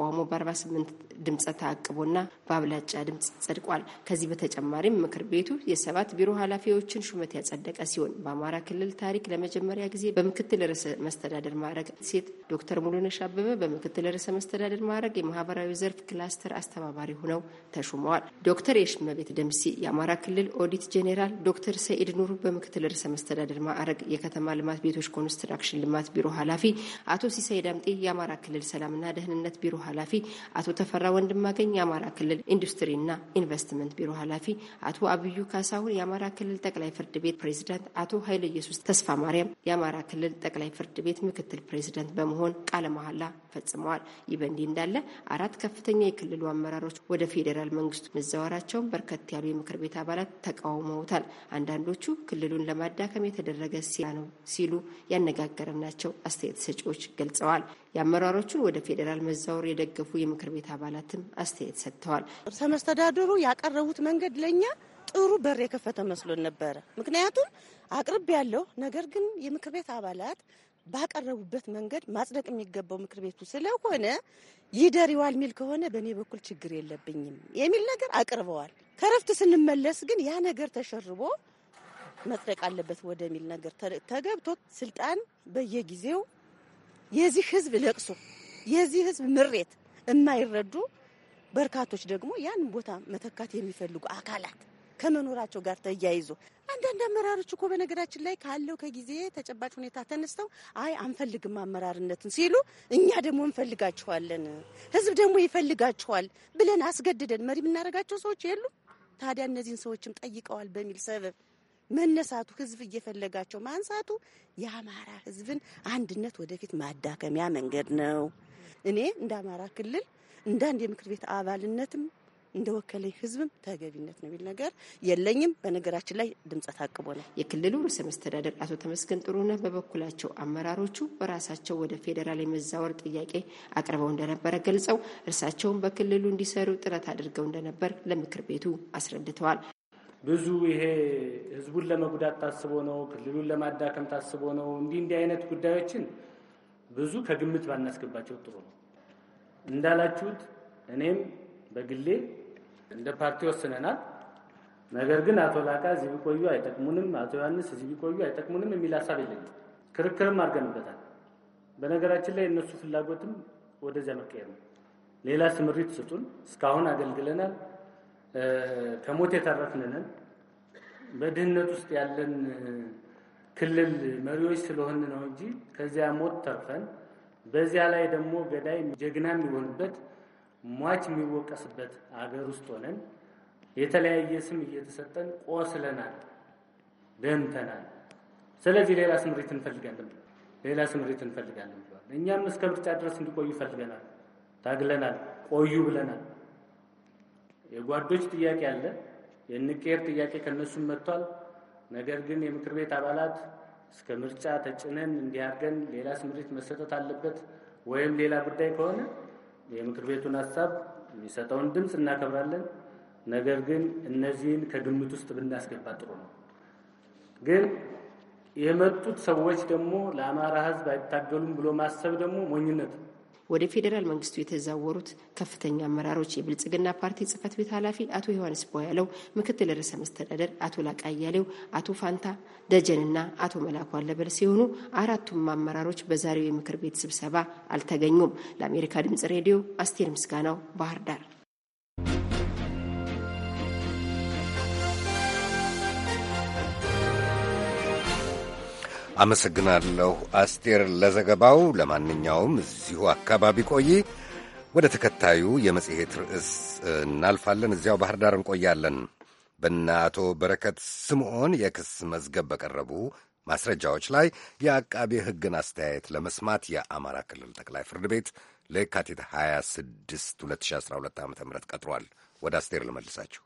ሞ በአርባ ስምንት
ድምፀ ተአቅቦና በአብላጫ ድምፅ ጸድቋል። ከዚህ በተጨማሪም ምክር ቤቱ የሰባት ቢሮ ኃላፊዎችን ሹመት ያጸደቀ ሲሆን በአማራ ክልል ታሪክ ለመጀመሪያ ጊዜ በምክትል ርዕሰ መስተዳደር ማዕረግ ሴት ዶክተር ሙሉነሽ አበበ በምክትል ርዕሰ መስተዳደር ማዕረግ የማህበራዊ ዘርፍ ክላስተር አስተባባሪ ሆነው ተሹመዋል። ዶክተር የሽመቤት ደምሲ የአማራ ክልል ኦዲት ጄኔራል፣ ዶክተር ሰኢድ ኑሩ በምክትል ርዕሰ መስተዳደር ማዕረግ የከተማ ልማት ቤቶች ኮንስትራክሽን ልማት ቢሮ ኃላፊ፣ አቶ ሲሳይ ዳምጤ የአማራ ክልል ሰላምና ደህ ደህንነት ቢሮ ኃላፊ አቶ ተፈራ ወንድማገኝ የአማራ ክልል ኢንዱስትሪና ኢንቨስትመንት ቢሮ ኃላፊ አቶ አብዩ ካሳሁን የአማራ ክልል ጠቅላይ ፍርድ ቤት ፕሬዚዳንት አቶ ኃይለ ኢየሱስ ተስፋ ማርያም የአማራ ክልል ጠቅላይ ፍርድ ቤት ምክትል ፕሬዝዳንት በመሆን ቃለ መሐላ ፈጽመዋል። ይህ በእንዲህ እንዳለ አራት ከፍተኛ የክልሉ አመራሮች ወደ ፌዴራል መንግስቱ መዛወራቸውን በርከት ያሉ የምክር ቤት አባላት ተቃውመውታል። አንዳንዶቹ ክልሉን ለማዳከም የተደረገ ሲያ ነው ሲሉ ያነጋገርናቸው አስተያየት ሰጪዎች ገልጸዋል። የአመራሮቹን ወደ ፌዴራል ፌዴራል መዛወር የደገፉ የምክር ቤት አባላትም
አስተያየት ሰጥተዋል። ርዕሰ መስተዳድሩ ያቀረቡት መንገድ ለእኛ ጥሩ በር የከፈተ መስሎን ነበረ። ምክንያቱም አቅርብ ያለው ነገር ግን የምክር ቤት አባላት ባቀረቡበት መንገድ ማጽደቅ የሚገባው ምክር ቤቱ ስለሆነ ይደሪዋል ሚል ከሆነ በእኔ በኩል ችግር የለብኝም የሚል ነገር አቅርበዋል። ከረፍት ስንመለስ ግን ያ ነገር ተሸርቦ መጽደቅ አለበት ወደሚል ነገር ተገብቶ ስልጣን በየጊዜው የዚህ ህዝብ ለቅሶ የዚህ ህዝብ ምሬት የማይረዱ በርካቶች ደግሞ ያን ቦታ መተካት የሚፈልጉ አካላት ከመኖራቸው ጋር ተያይዞ አንዳንድ አመራሮች እኮ በነገራችን ላይ ካለው ከጊዜ ተጨባጭ ሁኔታ ተነስተው አይ አንፈልግም አመራርነትን ሲሉ፣ እኛ ደግሞ እንፈልጋችኋለን፣ ህዝብ ደግሞ ይፈልጋችኋል ብለን አስገድደን መሪ የምናደርጋቸው ሰዎች የሉም። ታዲያ እነዚህን ሰዎችም ጠይቀዋል በሚል ሰበብ መነሳቱ ህዝብ እየፈለጋቸው ማንሳቱ የአማራ ህዝብን አንድነት ወደፊት ማዳከሚያ መንገድ ነው። እኔ እንደ አማራ ክልል እንደ አንድ የምክር ቤት አባልነትም እንደ ወከለኝ ህዝብም ተገቢነት ነው የሚል ነገር የለኝም። በነገራችን
ላይ ድምፀ ታቅቦ ነው። የክልሉ ርዕሰ መስተዳደር አቶ ተመስገን ጥሩነህ በበኩላቸው አመራሮቹ በራሳቸው ወደ ፌዴራል የመዛወር ጥያቄ አቅርበው እንደነበረ ገልጸው እርሳቸውን በክልሉ እንዲሰሩ ጥረት አድርገው እንደነበር ለምክር ቤቱ
አስረድተዋል። ብዙ ይሄ ህዝቡን ለመጉዳት ታስቦ ነው፣ ክልሉን ለማዳከም ታስቦ ነው፣ እንዲህ እንዲህ አይነት ጉዳዮችን ብዙ ከግምት ባናስገባቸው ጥሩ ነው። እንዳላችሁት እኔም በግሌ እንደ ፓርቲ ወስነናል። ነገር ግን አቶ ላቃ እዚህ ቢቆዩ አይጠቅሙንም፣ አቶ ዮሐንስ እዚህ ቢቆዩ አይጠቅሙንም የሚል ሀሳብ የለኝም። ክርክርም አድርገንበታል። በነገራችን ላይ እነሱ ፍላጎትም ወደዚያ መቀየር ነው። ሌላ ስምሪት ስጡን። እስካሁን አገልግለናል። ከሞት የተረፍንንን በድህነት ውስጥ ያለን ክልል መሪዎች ስለሆን ነው እንጂ ከዚያ ሞት ተርፈን በዚያ ላይ ደግሞ ገዳይ ጀግና የሚሆንበት ሟች የሚወቀስበት አገር ውስጥ ሆነን የተለያየ ስም እየተሰጠን ቆስለናል፣ ደምተናል። ስለዚህ ሌላ ስምሪት እንፈልጋለን፣ ሌላ ስምሪት እንፈልጋለን ብለዋል። እኛም እስከ ምርጫ ድረስ እንዲቆዩ ፈልገናል፣ ታግለናል፣ ቆዩ ብለናል። የጓዶች ጥያቄ አለ፣ የንቄር ጥያቄ ከእነሱም መጥቷል። ነገር ግን የምክር ቤት አባላት እስከ ምርጫ ተጭነን እንዲያርገን ሌላ ስምሪት መሰጠት አለበት ወይም ሌላ ጉዳይ ከሆነ የምክር ቤቱን ሀሳብ የሚሰጠውን ድምፅ እናከብራለን። ነገር ግን እነዚህን ከግምት ውስጥ ብናስገባ ጥሩ ነው። ግን የመጡት ሰዎች ደግሞ ለአማራ ሕዝብ አይታገሉም ብሎ ማሰብ ደግሞ ሞኝነት ነው።
ወደ ፌዴራል መንግስቱ የተዛወሩት ከፍተኛ አመራሮች የብልጽግና ፓርቲ ጽህፈት ቤት ኃላፊ አቶ ዮሐንስ ያለው ምክትል ርዕሰ መስተዳደር አቶ ላቃ አያሌው፣ አቶ ፋንታ ደጀንና አቶ መላኩ አለበል ሲሆኑ አራቱም አመራሮች በዛሬው የምክር ቤት ስብሰባ አልተገኙም። ለአሜሪካ ድምጽ ሬዲዮ አስቴር ምስጋናው ባህር ዳር
አመሰግናለሁ አስቴር ለዘገባው። ለማንኛውም እዚሁ አካባቢ ቆይ። ወደ ተከታዩ የመጽሔት ርዕስ እናልፋለን። እዚያው ባህር ዳር እንቆያለን። በእነ አቶ በረከት ስምዖን የክስ መዝገብ በቀረቡ ማስረጃዎች ላይ የአቃቤ ሕግን አስተያየት ለመስማት የአማራ ክልል ጠቅላይ ፍርድ ቤት ለየካቲት 26 2012 ዓ ም ቀጥሯል። ወደ አስቴር ልመልሳችሁ።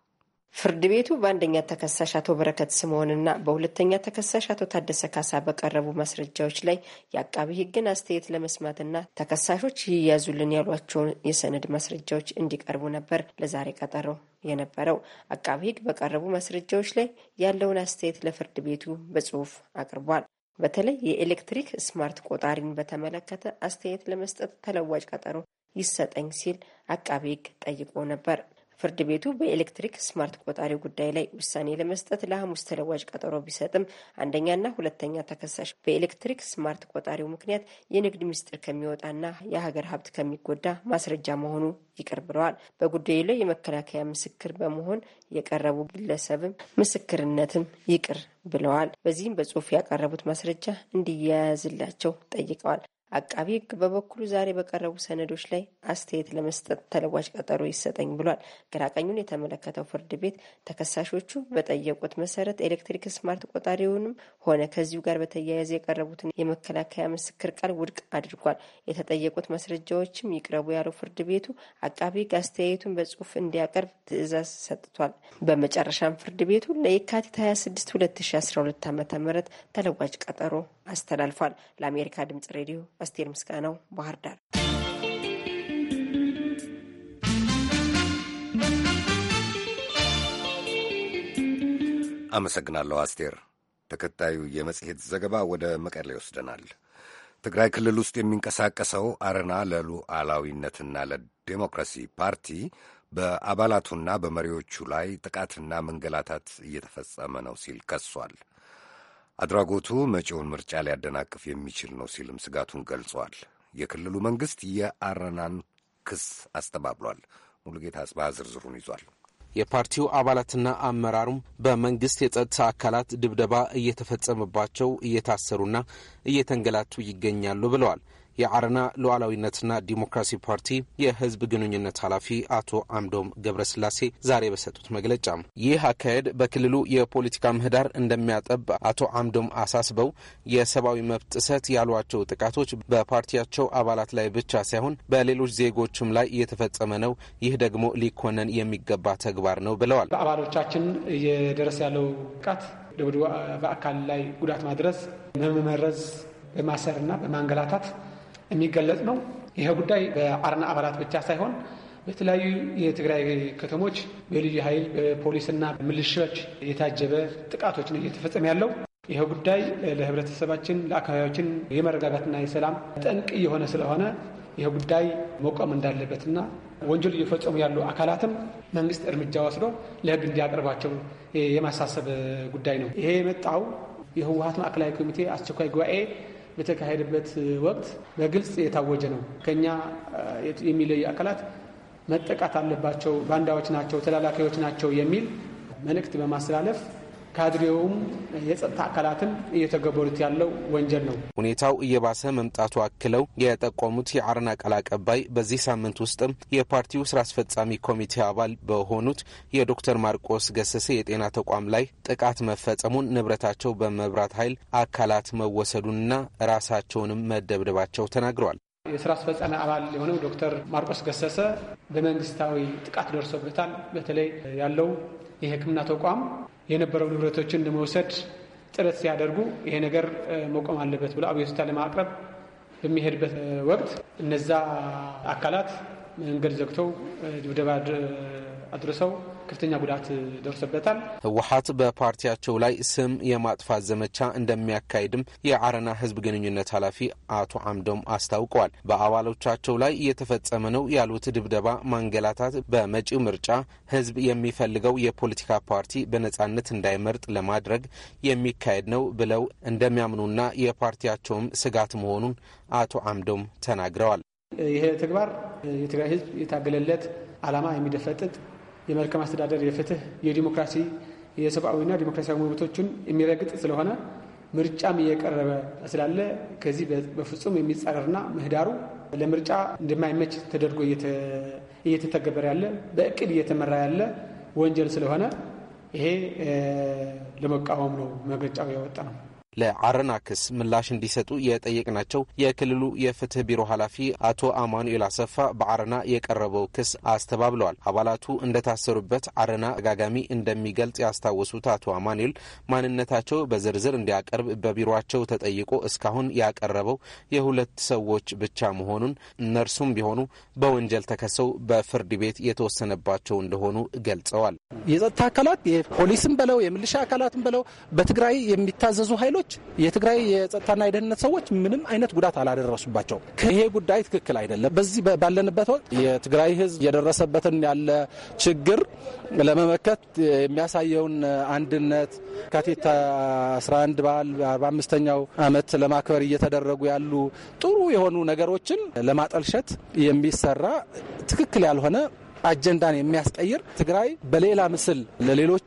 ፍርድ ቤቱ በአንደኛ ተከሳሽ አቶ በረከት ስምዖንና በሁለተኛ ተከሳሽ አቶ ታደሰ ካሳ በቀረቡ ማስረጃዎች ላይ የአቃቢ ሕግን አስተያየት ለመስማትና ተከሳሾች ይያዙልን ያሏቸውን የሰነድ ማስረጃዎች እንዲቀርቡ ነበር ለዛሬ ቀጠሮ የነበረው። አቃቢ ሕግ በቀረቡ ማስረጃዎች ላይ ያለውን አስተያየት ለፍርድ ቤቱ በጽሁፍ አቅርቧል። በተለይ የኤሌክትሪክ ስማርት ቆጣሪን በተመለከተ አስተያየት ለመስጠት ተለዋጭ ቀጠሮ ይሰጠኝ ሲል አቃቢ ሕግ ጠይቆ ነበር። ፍርድ ቤቱ በኤሌክትሪክ ስማርት ቆጣሪ ጉዳይ ላይ ውሳኔ ለመስጠት ለሐሙስ ተለዋጭ ቀጠሮ ቢሰጥም አንደኛና ሁለተኛ ተከሳሽ በኤሌክትሪክ ስማርት ቆጣሪው ምክንያት የንግድ ሚስጥር ከሚወጣና የሀገር ሀብት ከሚጎዳ ማስረጃ መሆኑ ይቅር ብለዋል። በጉዳዩ ላይ የመከላከያ ምስክር በመሆን የቀረቡ ግለሰብም ምስክርነትም ይቅር ብለዋል። በዚህም በጽሁፍ ያቀረቡት ማስረጃ እንዲያያዝላቸው ጠይቀዋል። አቃቢ ህግ በበኩሉ ዛሬ በቀረቡ ሰነዶች ላይ አስተያየት ለመስጠት ተለዋጭ ቀጠሮ ይሰጠኝ ብሏል። ግራቀኙን የተመለከተው ፍርድ ቤት ተከሳሾቹ በጠየቁት መሰረት ኤሌክትሪክ ስማርት ቆጣሪውንም ሆነ ከዚሁ ጋር በተያያዘ የቀረቡትን የመከላከያ ምስክር ቃል ውድቅ አድርጓል። የተጠየቁት ማስረጃዎችም ይቅረቡ ያለው ፍርድ ቤቱ አቃቢ ህግ አስተያየቱን በጽሁፍ እንዲያቀርብ ትዕዛዝ ሰጥቷል። በመጨረሻም ፍርድ ቤቱ ለየካቲት 26 2012 ዓ ም ተለዋጭ ቀጠሮ አስተላልፏል። ለአሜሪካ ድምጽ ሬዲዮ አስቴር ምስጋናው ባህር ዳር።
አመሰግናለሁ አስቴር። ተከታዩ የመጽሔት ዘገባ ወደ መቀሌ ይወስደናል። ትግራይ ክልል ውስጥ የሚንቀሳቀሰው አረና ለሉዓላዊነትና ለዴሞክራሲ ፓርቲ በአባላቱና በመሪዎቹ ላይ ጥቃትና መንገላታት እየተፈጸመ ነው ሲል ከሷል። አድራጎቱ መጪውን ምርጫ ሊያደናቅፍ የሚችል ነው ሲልም ስጋቱን ገልጿል። የክልሉ መንግስት የአረናን ክስ አስተባብሏል። ሙሉጌታ አጽባህ ዝርዝሩን ይዟል።
የፓርቲው አባላትና አመራሩም በመንግስት የጸጥታ አካላት ድብደባ እየተፈጸመባቸው እየታሰሩና እየተንገላቱ ይገኛሉ ብለዋል። የአረና ሉዓላዊነትና ዲሞክራሲ ፓርቲ የህዝብ ግንኙነት ኃላፊ አቶ አምዶም ገብረስላሴ ዛሬ በሰጡት መግለጫ ይህ አካሄድ በክልሉ የፖለቲካ ምህዳር እንደሚያጠብ አቶ አምዶም አሳስበው የሰብአዊ መብት ጥሰት ያሏቸው ጥቃቶች በፓርቲያቸው አባላት ላይ ብቻ ሳይሆን በሌሎች ዜጎችም ላይ እየተፈጸመ ነው። ይህ ደግሞ ሊኮነን የሚገባ ተግባር ነው ብለዋል።
በአባሎቻችን እየደረሰ ያለው ጥቃት በአካል ላይ ጉዳት ማድረስ፣ በመመረዝ፣ በማሰርና በማንገላታት የሚገለጽ ነው። ይሄ ጉዳይ በአርና አባላት ብቻ ሳይሆን በተለያዩ የትግራይ ከተሞች በልዩ ኃይል በፖሊስና ምልሻዎች የታጀበ ጥቃቶችን እየተፈጸመ ያለው ይህ ጉዳይ ለህብረተሰባችን፣ ለአካባቢያችን የመረጋጋትና የሰላም ጠንቅ እየሆነ ስለሆነ ይህ ጉዳይ መቆም እንዳለበትና ወንጀል እየፈጸሙ ያሉ አካላትም መንግስት እርምጃ ወስዶ ለህግ እንዲያቀርባቸው የማሳሰብ ጉዳይ ነው። ይሄ የመጣው የህወሀት ማዕከላዊ ኮሚቴ አስቸኳይ ጉባኤ የተካሄደበት ወቅት በግልጽ የታወጀ ነው። ከኛ የሚለዩ አካላት መጠቃት አለባቸው፣ ባንዳዎች ናቸው፣ ተላላኪዎች ናቸው የሚል መልእክት በማስተላለፍ ካድሬውም የጸጥታ አካላትም እየተገበሩት ያለው ወንጀል ነው።
ሁኔታው እየባሰ መምጣቱ አክለው የጠቆሙት የአረና ቃል አቀባይ በዚህ ሳምንት ውስጥም የፓርቲው ስራ አስፈጻሚ ኮሚቴ አባል በሆኑት የዶክተር ማርቆስ ገሰሰ የጤና ተቋም ላይ ጥቃት መፈጸሙን፣ ንብረታቸው በመብራት ኃይል አካላት መወሰዱንና ራሳቸውንም መደብደባቸው ተናግረዋል።
የስራ አስፈጻሚ አባል የሆነው ዶክተር ማርቆስ ገሰሰ በመንግስታዊ ጥቃት ደርሶበታል። በተለይ ያለው የሕክምና ተቋም የነበረው ንብረቶችን ለመውሰድ ጥረት ሲያደርጉ ይሄ ነገር መቆም አለበት ብሎ አቤቱታ ለማቅረብ በሚሄድበት ወቅት እነዛ አካላት መንገድ ዘግተው ድብደባ አድርሰው ከፍተኛ ጉዳት ደርሶበታል።
ህወሀት በፓርቲያቸው ላይ ስም የማጥፋት ዘመቻ እንደሚያካሂድም የአረና ህዝብ ግንኙነት ኃላፊ አቶ አምዶም አስታውቀዋል። በአባሎቻቸው ላይ እየተፈጸመ ነው ያሉት ድብደባ፣ ማንገላታት በመጪው ምርጫ ህዝብ የሚፈልገው የፖለቲካ ፓርቲ በነጻነት እንዳይመርጥ ለማድረግ የሚካሄድ ነው ብለው እንደሚያምኑና የፓርቲያቸውም ስጋት መሆኑን አቶ አምዶም ተናግረዋል።
ይሄ ተግባር የትግራይ ህዝብ የታገለለት አላማ የሚደፈጥጥ የመልካም አስተዳደር፣ የፍትህ፣ የዲሞክራሲ፣ የሰብአዊና ዲሞክራሲያዊ መብቶችን የሚረግጥ ስለሆነ ምርጫም እየቀረበ ስላለ ከዚህ በፍጹም የሚጻረርና ምህዳሩ ለምርጫ እንደማይመች ተደርጎ እየተተገበረ ያለ በእቅድ እየተመራ ያለ ወንጀል ስለሆነ ይሄ ለመቃወም ነው መግለጫው ያወጣ ነው።
ለአረና ክስ ምላሽ እንዲሰጡ የጠየቅናቸው የክልሉ የፍትህ ቢሮ ኃላፊ አቶ አማኑኤል አሰፋ በአረና የቀረበው ክስ አስተባብለዋል። አባላቱ እንደታሰሩበት አረና አጋጋሚ እንደሚገልጽ ያስታወሱት አቶ አማኑኤል ማንነታቸው በዝርዝር እንዲያቀርብ በቢሮቸው ተጠይቆ እስካሁን ያቀረበው የሁለት ሰዎች ብቻ መሆኑን እነርሱም ቢሆኑ በወንጀል ተከሰው በፍርድ ቤት
የተወሰነባቸው እንደሆኑ ገልጸዋል። የጸጥታ አካላት የፖሊስም በለው የምልሻ አካላትም በለው በትግራይ የሚታዘዙ ኃይሎች ኃይሎች የትግራይ የጸጥታና የደህንነት ሰዎች ምንም አይነት ጉዳት አላደረሱባቸው ይሄ ጉዳይ ትክክል አይደለም። በዚህ ባለንበት ወቅት የትግራይ ህዝብ የደረሰበትን ያለ ችግር ለመመከት የሚያሳየውን አንድነት ካቲት 11 በዓል 45ኛው አመት ለማክበር እየተደረጉ ያሉ ጥሩ የሆኑ ነገሮችን ለማጠልሸት የሚሰራ ትክክል ያልሆነ አጀንዳን የሚያስቀይር ትግራይ በሌላ ምስል ለሌሎች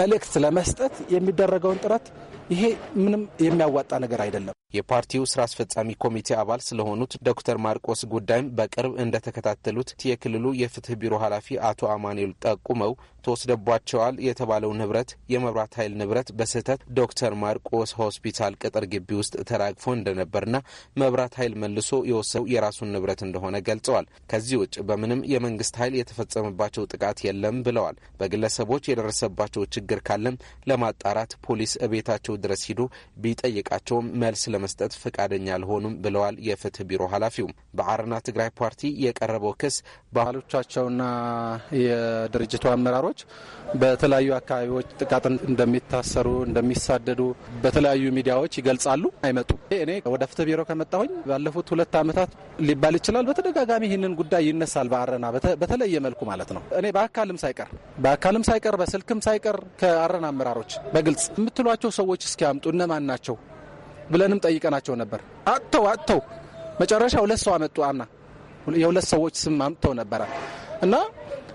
መልእክት ለመስጠት የሚደረገውን ጥረት ይሄ ምንም የሚያዋጣ ነገር አይደለም።
የፓርቲው ስራ አስፈጻሚ ኮሚቴ አባል ስለሆኑት ዶክተር ማርቆስ ጉዳይም በቅርብ እንደተከታተሉት የክልሉ የፍትህ ቢሮ ኃላፊ አቶ አማኑኤል ጠቁመው ተወስደባቸዋል የተባለው ንብረት የመብራት ኃይል ንብረት በስህተት ዶክተር ማርቆስ ሆስፒታል ቅጥር ግቢ ውስጥ ተራግፎ እንደነበርና መብራት ኃይል መልሶ የወሰው የራሱን ንብረት እንደሆነ ገልጸዋል። ከዚህ ውጭ በምንም የመንግስት ኃይል የተፈጸመባቸው ጥቃት የለም ብለዋል። በግለሰቦች የደረሰባቸው ችግር ካለም ለማጣራት ፖሊስ እቤታቸው ድረስ ሂዱ ቢጠይቃቸውም መልስ ለመስጠት ፈቃደኛ አልሆኑም ብለዋል የፍትህ ቢሮ ኃላፊው። በአረና ትግራይ ፓርቲ የቀረበው ክስ ባህሎቻቸውና
የድርጅቱ አመራሮች በተለያዩ አካባቢዎች ጥቃት እንደሚታሰሩ፣ እንደሚሳደዱ በተለያዩ ሚዲያዎች ይገልጻሉ። አይመጡም። እኔ ወደ ፍትህ ቢሮ ከመጣሁኝ ባለፉት ሁለት ዓመታት ሊባል ይችላል በተደጋጋሚ ይህንን ጉዳይ ይነሳል። በአረና በተለየ መልኩ ማለት ነው። እኔ በአካልም ሳይቀር በአካልም ሳይቀር በስልክም ሳይቀር ከአረና አመራሮች በግልጽ የምትሏቸው ሰዎች እስኪያምጡ እነማን ናቸው ብለንም ጠይቀናቸው ነበር። አጥተው አጥተው መጨረሻ ሁለት ሰው አመጡ። አምና የሁለት ሰዎች ስም አምጥተው ነበረ እና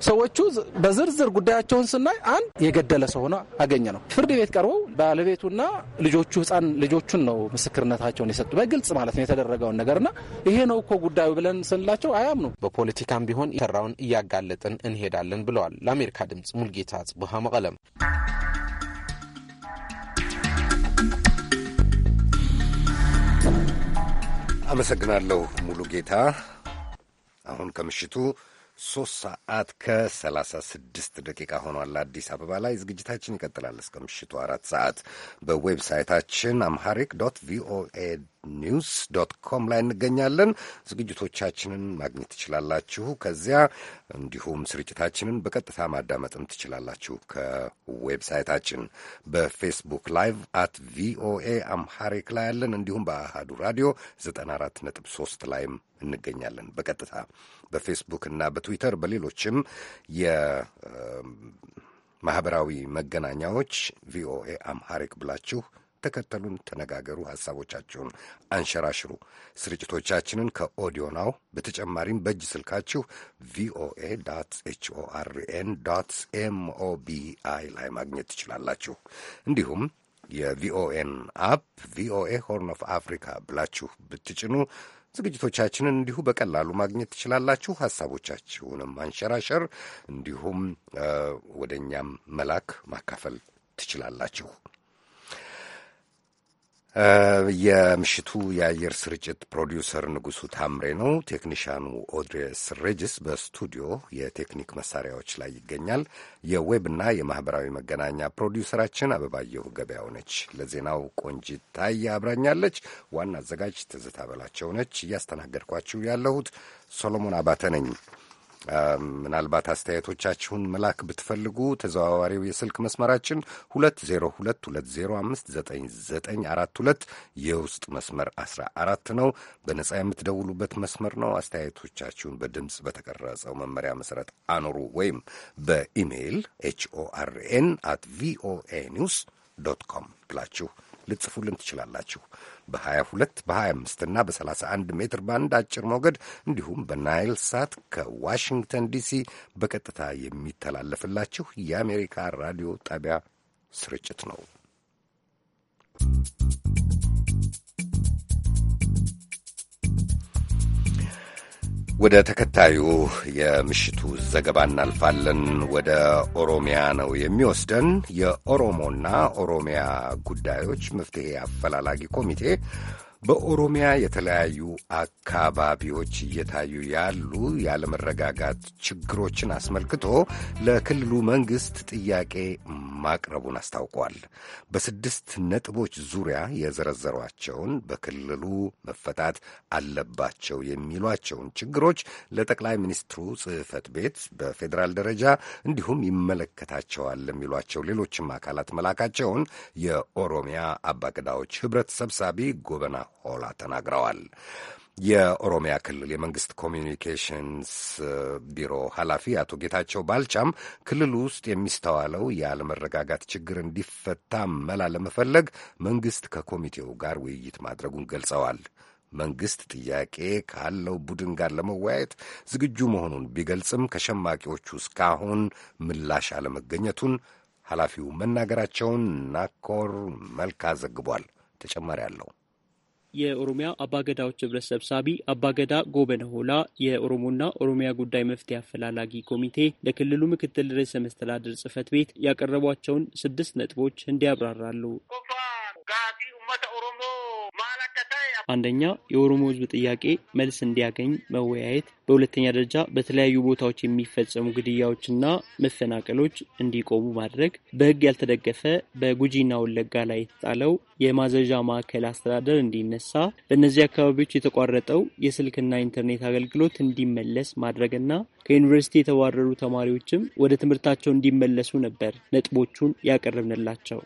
ሰዎቹ በዝርዝር ጉዳያቸውን ስናይ አንድ የገደለ ሰው ሆኖ አገኘ ነው። ፍርድ ቤት ቀርበው ባለቤቱና ልጆቹ ህፃን ልጆቹን ነው ምስክርነታቸውን የሰጡ በግልጽ ማለት ነው የተደረገውን ነገርና ይሄ ነው እኮ ጉዳዩ ብለን ስንላቸው አያምኑ። በፖለቲካም ቢሆን ሰራውን እያጋለጥን
እንሄዳለን ብለዋል። ለአሜሪካ ድምጽ ሙልጌታ ጽቡሃ መቀለም
አመሰግናለሁ ሙሉ ጌታ። አሁን ከምሽቱ ሶስት ሰዓት ከ ስድስት ደቂቃ ሆኗል። አዲስ አበባ ላይ ዝግጅታችን ይቀጥላል እስከ ምሽቱ አራት ሰዓት። በዌብሳይታችን አምሃሪክ ዶት ቪኦኤ ኒውስ ዶት ኮም ላይ እንገኛለን። ዝግጅቶቻችንን ማግኘት ትችላላችሁ። ከዚያ እንዲሁም ስርጭታችንን በቀጥታ ማዳመጥም ትችላላችሁ ከዌብሳይታችን። በፌስቡክ ላይቭ አት ቪኦኤ አምሃሪክ ላይ ያለን እንዲሁም በአሃዱ ራዲዮ 94.3 ላይም እንገኛለን በቀጥታ በፌስቡክ እና በትዊተር በሌሎችም የማህበራዊ መገናኛዎች ቪኦኤ አምሃሪክ ብላችሁ ተከተሉን፣ ተነጋገሩ፣ ሐሳቦቻችሁን አንሸራሽሩ። ስርጭቶቻችንን ከኦዲዮ ናው በተጨማሪም በእጅ ስልካችሁ ቪኦኤ ዶት ኤችኦአርኤን ዶት ኤምኦቢአይ ላይ ማግኘት ትችላላችሁ። እንዲሁም የቪኦኤን አፕ ቪኦኤ ሆርን ኦፍ አፍሪካ ብላችሁ ብትጭኑ ዝግጅቶቻችንን እንዲሁ በቀላሉ ማግኘት ትችላላችሁ። ሀሳቦቻችሁንም ማንሸራሸር እንዲሁም ወደ እኛም መላክ ማካፈል ትችላላችሁ። የምሽቱ የአየር ስርጭት ፕሮዲውሰር ንጉሱ ታምሬ ነው። ቴክኒሻኑ ኦድሬስ ሬጅስ በስቱዲዮ የቴክኒክ መሳሪያዎች ላይ ይገኛል። የዌብና የማህበራዊ መገናኛ ፕሮዲውሰራችን አበባየሁ ገበያው ነች። ለዜናው ቆንጂት ታዬ አብራኛለች። ዋና አዘጋጅ ትዝታ በላቸው ነች። እያስተናገድኳችሁ ያለሁት ሶሎሞን አባተ ነኝ። ምናልባት አስተያየቶቻችሁን መላክ ብትፈልጉ ተዘዋዋሪው የስልክ መስመራችን 2022059942 የውስጥ መስመር 14 ነው። በነጻ የምትደውሉበት መስመር ነው። አስተያየቶቻችሁን በድምፅ በተቀረጸው መመሪያ መሰረት አኖሩ ወይም በኢሜይል ኤችኦአርኤን አት ቪኦኤ ኒውስ ዶት ኮም ብላችሁ ልጽፉልን ትችላላችሁ። በ22 በ25 እና በ31 ሜትር ባንድ አጭር ሞገድ እንዲሁም በናይል ሳት ከዋሽንግተን ዲሲ በቀጥታ የሚተላለፍላችሁ የአሜሪካ ራዲዮ ጣቢያ ስርጭት ነው። ወደ ተከታዩ የምሽቱ ዘገባ እናልፋለን። ወደ ኦሮሚያ ነው የሚወስደን። የኦሮሞና ኦሮሚያ ጉዳዮች መፍትሄ አፈላላጊ ኮሚቴ በኦሮሚያ የተለያዩ አካባቢዎች እየታዩ ያሉ ያለመረጋጋት ችግሮችን አስመልክቶ ለክልሉ መንግሥት ጥያቄ ማቅረቡን አስታውቋል። በስድስት ነጥቦች ዙሪያ የዘረዘሯቸውን በክልሉ መፈታት አለባቸው የሚሏቸውን ችግሮች ለጠቅላይ ሚኒስትሩ ጽሕፈት ቤት በፌዴራል ደረጃ እንዲሁም ይመለከታቸዋል ለሚሏቸው ሌሎችም አካላት መላካቸውን የኦሮሚያ አባገዳዎች ኅብረት ሰብሳቢ ጎበና ኦላ ተናግረዋል። የኦሮሚያ ክልል የመንግስት ኮሚኒኬሽንስ ቢሮ ኃላፊ አቶ ጌታቸው ባልቻም ክልል ውስጥ የሚስተዋለው የአለመረጋጋት ችግር እንዲፈታ መላ ለመፈለግ መንግስት ከኮሚቴው ጋር ውይይት ማድረጉን ገልጸዋል። መንግስት ጥያቄ ካለው ቡድን ጋር ለመወያየት ዝግጁ መሆኑን ቢገልጽም ከሸማቂዎቹ እስካሁን ምላሽ አለመገኘቱን ኃላፊው መናገራቸውን ናኮር መልካ ዘግቧል። ተጨማሪ አለው
የኦሮሚያ አባገዳዎች ህብረት ሰብሳቢ አባገዳ ጎበነ ሆላ የኦሮሞና ኦሮሚያ ጉዳይ መፍትሄ አፈላላጊ ኮሚቴ ለክልሉ ምክትል ርዕሰ መስተዳድር ጽህፈት ቤት ያቀረቧቸውን ስድስት ነጥቦች እንዲያብራራሉ። አንደኛ፣ የኦሮሞ ህዝብ ጥያቄ መልስ እንዲያገኝ መወያየት በሁለተኛ ደረጃ በተለያዩ ቦታዎች የሚፈጸሙ ግድያዎችና መፈናቀሎች እንዲቆሙ ማድረግ፣ በህግ ያልተደገፈ በጉጂና ወለጋ ላይ የተጣለው የማዘዣ ማዕከል አስተዳደር እንዲነሳ፣ በእነዚህ አካባቢዎች የተቋረጠው የስልክና ኢንተርኔት አገልግሎት እንዲመለስ ማድረግና ከዩኒቨርሲቲ የተባረሩ ተማሪዎችም ወደ ትምህርታቸው እንዲመለሱ ነበር ነጥቦቹን ያቀረብንላቸው።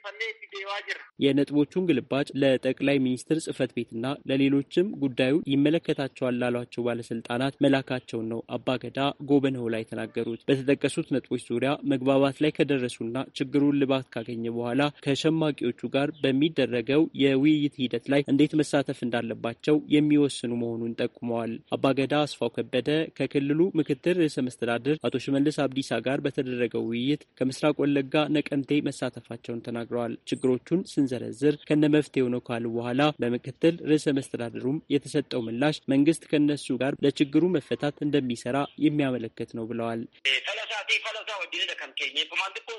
የነጥቦቹን ግልባጭ ለጠቅላይ ሚኒስትር ጽህፈት ቤትና ለሌሎችም ጉዳዩ ይመለከታቸዋል ላሏቸው ባለስልጣናት መላካ ማድረጋቸውን ነው አባገዳ ጎበነው ላይ የተናገሩት። በተጠቀሱት ነጥቦች ዙሪያ መግባባት ላይ ከደረሱና ችግሩን ልባት ካገኘ በኋላ ከሸማቂዎቹ ጋር በሚደረገው የውይይት ሂደት ላይ እንዴት መሳተፍ እንዳለባቸው የሚወስኑ መሆኑን ጠቁመዋል። አባገዳ አስፋው ከበደ ከክልሉ ምክትል ርዕሰ መስተዳድር አቶ ሽመልስ አብዲሳ ጋር በተደረገው ውይይት ከምስራቅ ወለጋ ነቀምቴ መሳተፋቸውን ተናግረዋል። ችግሮቹን ስንዘረዝር ከነ መፍትሄው ነው ካሉ በኋላ በምክትል ርዕሰ መስተዳድሩም የተሰጠው ምላሽ መንግስት ከነሱ ጋር ለችግሩ መፈ ለመፈታት እንደሚሰራ የሚያመለክት ነው ብለዋል። eh,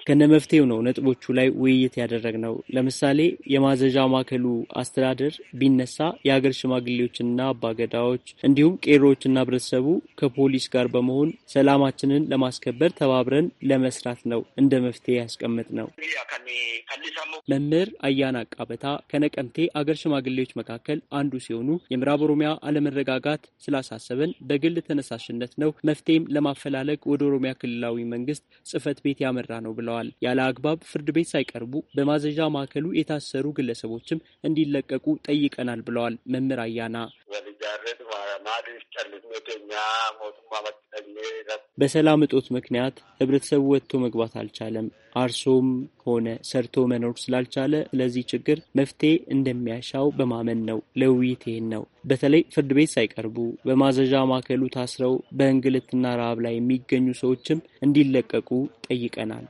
ከነመፍትሄው ነው ነጥቦቹ ላይ ውይይት ያደረግነው። ለምሳሌ የማዘዣ ማዕከሉ አስተዳደር ቢነሳ የሀገር ሽማግሌዎችና አባገዳዎች እንዲሁም ቄሮዎችና ህብረተሰቡ ከፖሊስ ጋር በመሆን ሰላማችንን ለማስከበር ተባብረን ለመስራት ነው እንደ መፍትሄ ያስቀምጥ ነው። መምህር አያና አቃበታ ከነቀምቴ አገር ሽማግሌዎች መካከል አንዱ ሲሆኑ የምዕራብ ኦሮሚያ አለመረጋጋት ስላሳሰበን በግል ተነሳሽነት ነው። መፍትሄም ለማፈላለግ ወደ ኦሮሚያ ክልላዊ መንግስት ጽህፈት ቤት ያመራ ነው ብለዋል። ያለ አግባብ ፍርድ ቤት ሳይቀርቡ በማዘዣ ማዕከሉ የታሰሩ ግለሰቦችም እንዲለቀቁ ጠይቀናል ብለዋል መምህር አያና በሰላም እጦት ምክንያት ህብረተሰቡ ወጥቶ መግባት አልቻለም። አርሶም ሆነ ሰርቶ መኖር ስላልቻለ ለዚህ ችግር መፍትሄ እንደሚያሻው በማመን ነው። ለውይይት ይህን ነው። በተለይ ፍርድ ቤት ሳይቀርቡ በማዘዣ ማዕከሉ ታስረው በእንግልትና ረሃብ ላይ የሚገኙ ሰዎችም እንዲለቀቁ ጠይቀናል።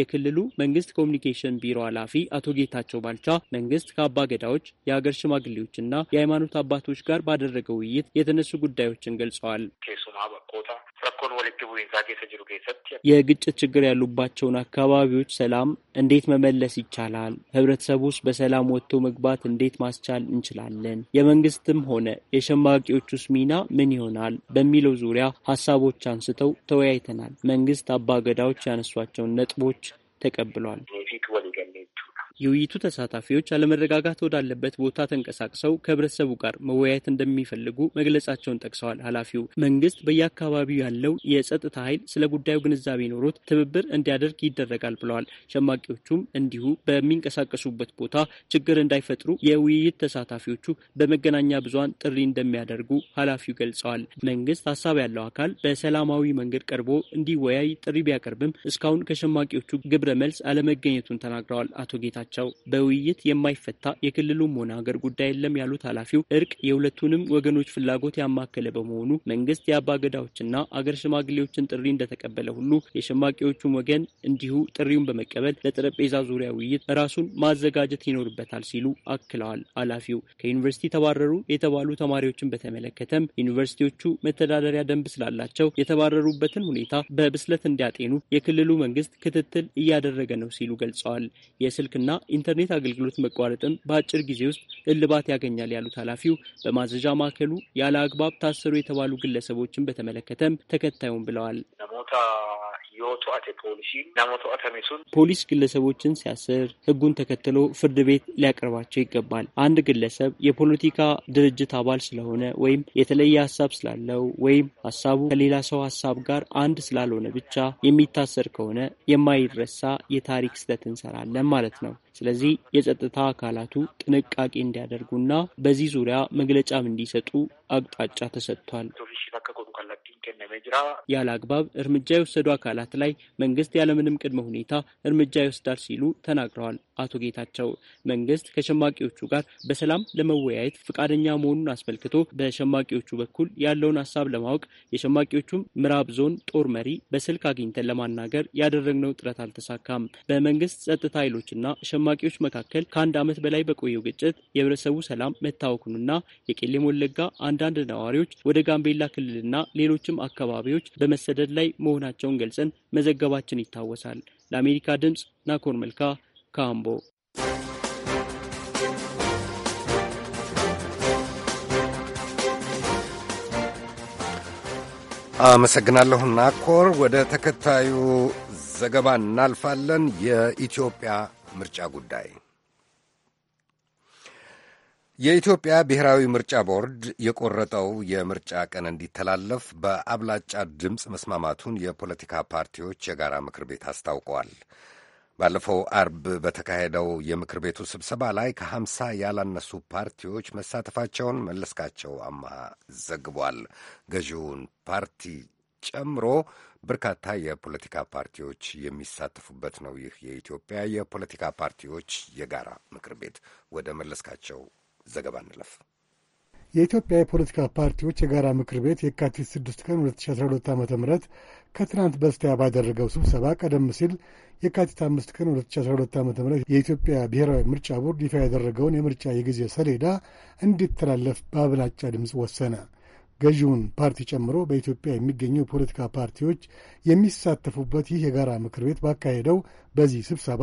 የክልሉ መንግስት ኮሚኒኬሽን ቢሮ ኃላፊ አቶ ጌታቸው ባልቻ መንግስት ከአባ ገዳዎች፣ የሀገር ሽማግሌዎችና የሃይማኖት አባቶች ጋር ባደረገው ውይይት የተነሱ ጉዳዮችን ገልጸዋል። rakkoon walitti bu'iinsaa keessa jiru keessatti የግጭት ችግር ያሉባቸውን አካባቢዎች ሰላም እንዴት መመለስ ይቻላል? ህብረተሰቡስ ውስጥ በሰላም ወጥቶ መግባት እንዴት ማስቻል እንችላለን? የመንግስትም ሆነ የሸማቂዎቹስ ሚና ምን ይሆናል? በሚለው ዙሪያ ሀሳቦች አንስተው ተወያይተናል። መንግስት አባገዳዎች ያነሷቸውን ነጥቦች ተቀብሏል። የውይይቱ ተሳታፊዎች አለመረጋጋት ወዳለበት ቦታ ተንቀሳቅሰው ከህብረተሰቡ ጋር መወያየት እንደሚፈልጉ መግለጻቸውን ጠቅሰዋል። ኃላፊው መንግስት በየአካባቢው ያለው የጸጥታ ኃይል ስለ ጉዳዩ ግንዛቤ ኖሮት ትብብር እንዲያደርግ ይደረጋል ብለዋል። ሸማቂዎቹም እንዲሁ በሚንቀሳቀሱበት ቦታ ችግር እንዳይፈጥሩ የውይይት ተሳታፊዎቹ በመገናኛ ብዙሃን ጥሪ እንደሚያደርጉ ኃላፊው ገልጸዋል። መንግስት ሀሳብ ያለው አካል በሰላማዊ መንገድ ቀርቦ እንዲወያይ ጥሪ ቢያቀርብም እስካሁን ከሸማቂዎቹ ግብረ መልስ አለመገኘቱን ተናግረዋል። አቶ ጌታ ናቸው። በውይይት የማይፈታ የክልሉም ሆነ ሀገር ጉዳይ የለም ያሉት ኃላፊው እርቅ የሁለቱንም ወገኖች ፍላጎት ያማከለ በመሆኑ መንግስት የአባገዳዎችና አገር ሽማግሌዎችን ጥሪ እንደተቀበለ ሁሉ የሸማቂዎቹን ወገን እንዲሁ ጥሪውን በመቀበል ለጠረጴዛ ዙሪያ ውይይት ራሱን ማዘጋጀት ይኖርበታል ሲሉ አክለዋል። ኃላፊው ከዩኒቨርሲቲ ተባረሩ የተባሉ ተማሪዎችን በተመለከተም ዩኒቨርሲቲዎቹ መተዳደሪያ ደንብ ስላላቸው የተባረሩበትን ሁኔታ በብስለት እንዲያጤኑ የክልሉ መንግስት ክትትል እያደረገ ነው ሲሉ ገልጸዋል። የስልክና ኢንተርኔት አገልግሎት መቋረጥም በአጭር ጊዜ ውስጥ እልባት ያገኛል ያሉት ኃላፊው በማዘዣ ማዕከሉ ያለ አግባብ ታሰሩ የተባሉ ግለሰቦችን በተመለከተም ተከታዩን ብለዋል። ፖሊስ ግለሰቦችን ሲያስር ህጉን ተከትሎ ፍርድ ቤት ሊያቀርባቸው ይገባል። አንድ ግለሰብ የፖለቲካ ድርጅት አባል ስለሆነ ወይም የተለየ ሀሳብ ስላለው ወይም ሀሳቡ ከሌላ ሰው ሀሳብ ጋር አንድ ስላልሆነ ብቻ የሚታሰር ከሆነ የማይረሳ የታሪክ ስህተት እንሰራለን ማለት ነው። ስለዚህ የጸጥታ አካላቱ ጥንቃቄ እንዲያደርጉና በዚህ ዙሪያ መግለጫም እንዲሰጡ አቅጣጫ ተሰጥቷል። ያለ አግባብ እርምጃ የወሰዱ አካላት ላይ መንግስት ያለምንም ቅድመ ሁኔታ እርምጃ ይወስዳል ሲሉ ተናግረዋል። አቶ ጌታቸው መንግስት ከሸማቂዎቹ ጋር በሰላም ለመወያየት ፈቃደኛ መሆኑን አስመልክቶ በሸማቂዎቹ በኩል ያለውን ሀሳብ ለማወቅ የሸማቂዎቹም ምዕራብ ዞን ጦር መሪ በስልክ አግኝተን ለማናገር ያደረግነው ጥረት አልተሳካም። በመንግስት ጸጥታ ኃይሎችና ሸማቂዎች መካከል ከአንድ ዓመት በላይ በቆየው ግጭት የህብረተሰቡ ሰላም መታወኩንና የቄለም ወለጋ አንዳንድ ነዋሪዎች ወደ ጋምቤላ ክልልና ሌሎችም አካባቢዎች በመሰደድ ላይ መሆናቸውን ገልጸን መዘገባችን ይታወሳል። ለአሜሪካ ድምፅ ናኮር መልካ Kambo.
አመሰግናለሁ ናኮር። ወደ ተከታዩ ዘገባ እናልፋለን። የኢትዮጵያ ምርጫ ጉዳይ የኢትዮጵያ ብሔራዊ ምርጫ ቦርድ የቆረጠው የምርጫ ቀን እንዲተላለፍ በአብላጫ ድምፅ መስማማቱን የፖለቲካ ፓርቲዎች የጋራ ምክር ቤት አስታውቀዋል። ባለፈው አርብ በተካሄደው የምክር ቤቱ ስብሰባ ላይ ከሀምሳ ያላነሱ ፓርቲዎች መሳተፋቸውን መለስካቸው አማሃ ዘግቧል። ገዢውን ፓርቲ ጨምሮ በርካታ የፖለቲካ ፓርቲዎች የሚሳተፉበት ነው ይህ የኢትዮጵያ የፖለቲካ ፓርቲዎች የጋራ ምክር ቤት። ወደ መለስካቸው ዘገባ እንለፍ።
የኢትዮጵያ የፖለቲካ ፓርቲዎች የጋራ ምክር ቤት የካቲት 6 ቀን 2012 ዓ ም ከትናንት በስቲያ ባደረገው ስብሰባ ቀደም ሲል የካቲት አምስት ቀን 2012 ዓ ም የኢትዮጵያ ብሔራዊ ምርጫ ቦርድ ይፋ ያደረገውን የምርጫ የጊዜ ሰሌዳ እንዲተላለፍ በአብላጫ ድምፅ ወሰነ። ገዢውን ፓርቲ ጨምሮ በኢትዮጵያ የሚገኙ የፖለቲካ ፓርቲዎች የሚሳተፉበት ይህ የጋራ ምክር ቤት ባካሄደው በዚህ ስብሰባ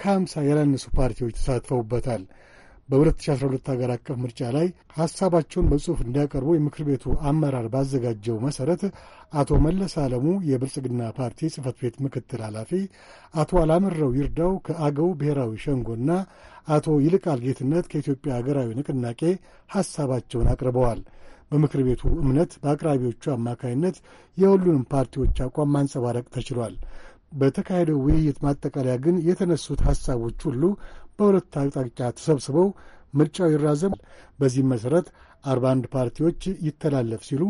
ከ50 ያላነሱ ፓርቲዎች ተሳትፈውበታል። በ2012 ሀገር አቀፍ ምርጫ ላይ ሐሳባቸውን በጽሑፍ እንዲያቀርቡ የምክር ቤቱ አመራር ባዘጋጀው መሠረት አቶ መለስ አለሙ የብልጽግና ፓርቲ ጽህፈት ቤት ምክትል ኃላፊ፣ አቶ አላምረው ይርዳው ከአገው ብሔራዊ ሸንጎና አቶ ይልቃል ጌትነት ከኢትዮጵያ ሀገራዊ ንቅናቄ ሐሳባቸውን አቅርበዋል። በምክር ቤቱ እምነት በአቅራቢዎቹ አማካይነት የሁሉንም ፓርቲዎች አቋም ማንጸባረቅ ተችሏል። በተካሄደው ውይይት ማጠቃለያ ግን የተነሱት ሐሳቦች ሁሉ በሁለት አቅጣጫ ተሰብስበው ምርጫው ይራዘም፣ በዚህም መሠረት አርባ አንድ ፓርቲዎች ይተላለፍ ሲሉ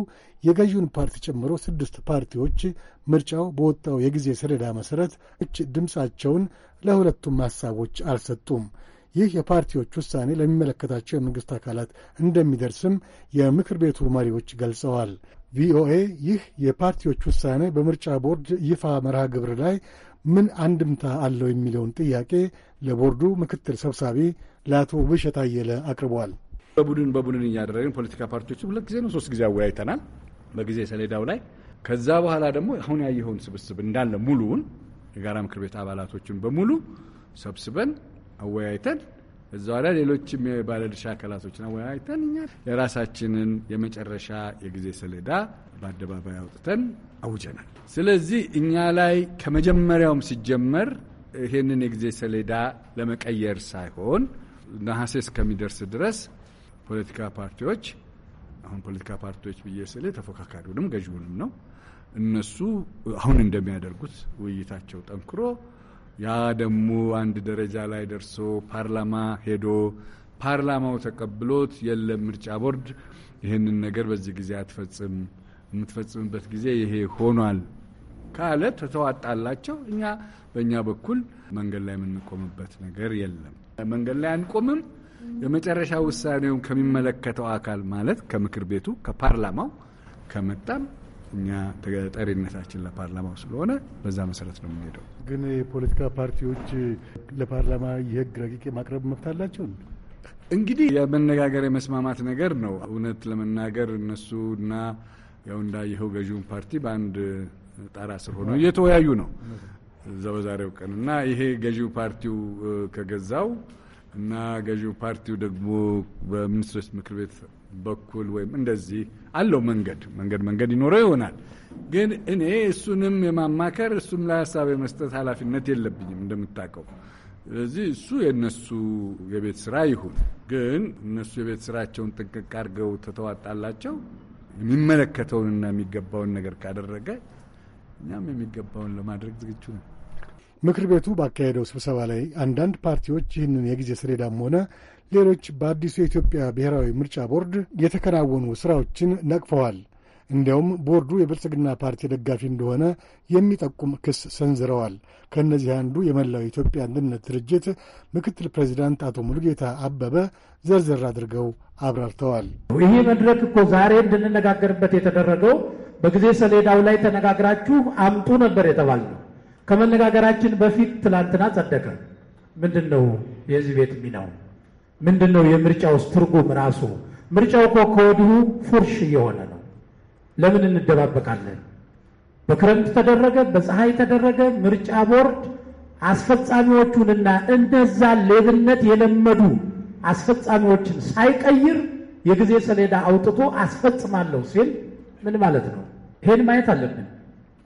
የገዢውን ፓርቲ ጨምሮ ስድስት ፓርቲዎች ምርጫው በወጣው የጊዜ ሰሌዳ መሠረት ድምፃቸውን ለሁለቱም ሐሳቦች አልሰጡም። ይህ የፓርቲዎች ውሳኔ ለሚመለከታቸው የመንግሥት አካላት እንደሚደርስም የምክር ቤቱ መሪዎች ገልጸዋል። ቪኦኤ ይህ የፓርቲዎች ውሳኔ በምርጫ ቦርድ ይፋ መርሃ ግብር ላይ ምን አንድምታ አለው የሚለውን ጥያቄ ለቦርዱ ምክትል ሰብሳቢ ለአቶ ብሸት አየለ አቅርበዋል።
በቡድን በቡድን እያደረግን ፖለቲካ ፓርቲዎች ሁለት ጊዜ ነው ሶስት ጊዜ አወያይተናል በጊዜ ሰሌዳው ላይ። ከዛ በኋላ ደግሞ አሁን ያየኸውን ስብስብ እንዳለ ሙሉውን የጋራ ምክር ቤት አባላቶችን በሙሉ ሰብስበን አወያይተን እዛ ላይ ሌሎችም የባለድርሻ አካላቶችን አወያይተን እኛ የራሳችንን የመጨረሻ የጊዜ ሰሌዳ በአደባባይ አውጥተን አውጀናል። ስለዚህ እኛ ላይ ከመጀመሪያውም ሲጀመር ይህንን የጊዜ ሰሌዳ ለመቀየር ሳይሆን ነሐሴ እስከሚደርስ ድረስ ፖለቲካ ፓርቲዎች አሁን ፖለቲካ ፓርቲዎች ብዬ ስል ተፎካካሪውንም ገዥውንም ነው እነሱ አሁን እንደሚያደርጉት ውይይታቸው ጠንክሮ ያ ደግሞ አንድ ደረጃ ላይ ደርሶ ፓርላማ ሄዶ ፓርላማው ተቀብሎት የለም ምርጫ ቦርድ ይህንን ነገር በዚህ ጊዜ አትፈጽም፣ የምትፈጽምበት ጊዜ ይሄ ሆኗል ካለ ተተዋጣላቸው። እኛ በእኛ በኩል መንገድ ላይ የምንቆምበት ነገር የለም። መንገድ ላይ አንቆምም። የመጨረሻ ውሳኔውን ከሚመለከተው አካል ማለት ከምክር ቤቱ ከፓርላማው ከመጣም እኛ ተጠሪነታችን ለፓርላማው ስለሆነ በዛ መሰረት ነው የምንሄደው።
ግን የፖለቲካ ፓርቲዎች ለፓርላማ የህግ ረቂቅ ማቅረብ መብት አላቸው?
እንግዲህ የመነጋገር የመስማማት ነገር ነው። እውነት ለመናገር እነሱና ያው እንዳየኸው ገዢውን ፓርቲ በአንድ ጣራ ስር ሆነው እየተወያዩ ነው እዛ በዛሬው ቀን እና ይሄ ገዢው ፓርቲው ከገዛው እና ገዢው ፓርቲው ደግሞ በሚኒስትሮች ምክር ቤት በኩል ወይም እንደዚህ አለው መንገድ መንገድ መንገድ ይኖረው ይሆናል ግን እኔ እሱንም የማማከር እሱም ላይ ሀሳብ የመስጠት ኃላፊነት የለብኝም እንደምታውቀው። ስለዚህ እሱ የእነሱ የቤት ስራ ይሁን። ግን እነሱ የቤት ስራቸውን ጥንቅቅ አድርገው ተተዋጣላቸው የሚመለከተውንና የሚገባውን ነገር ካደረገ እኛም የሚገባውን ለማድረግ ዝግጁ ነው።
ምክር ቤቱ ባካሄደው ስብሰባ ላይ አንዳንድ ፓርቲዎች ይህንን የጊዜ ሰሌዳም ሆነ ሌሎች በአዲሱ የኢትዮጵያ ብሔራዊ ምርጫ ቦርድ የተከናወኑ ስራዎችን ነቅፈዋል። እንዲያውም ቦርዱ የብልጽግና ፓርቲ ደጋፊ እንደሆነ የሚጠቁም ክስ ሰንዝረዋል። ከእነዚህ አንዱ የመላው የኢትዮጵያ አንድነት ድርጅት ምክትል ፕሬዚዳንት አቶ ሙሉጌታ አበበ ዘርዘር አድርገው አብራርተዋል። ይሄ
መድረክ እኮ ዛሬ እንድንነጋገርበት የተደረገው በጊዜ ሰሌዳው ላይ ተነጋግራችሁ አምጡ ነበር የተባልነው። ከመነጋገራችን በፊት ትላንትና ጸደቀ። ምንድን ነው የዚህ ቤት ሚናው? ምንድን ነው የምርጫውስ ትርጉም ራሱ? ምርጫው እኮ ከወዲሁ ፉርሽ እየሆነ ነው። ለምን እንደባበቃለን? በክረምት ተደረገ፣ በፀሐይ ተደረገ። ምርጫ ቦርድ አስፈጻሚዎቹንና እንደዛ ሌብነት የለመዱ አስፈጻሚዎችን ሳይቀይር የጊዜ ሰሌዳ አውጥቶ አስፈጽማለሁ ሲል ምን ማለት ነው? ይሄን ማየት አለብን።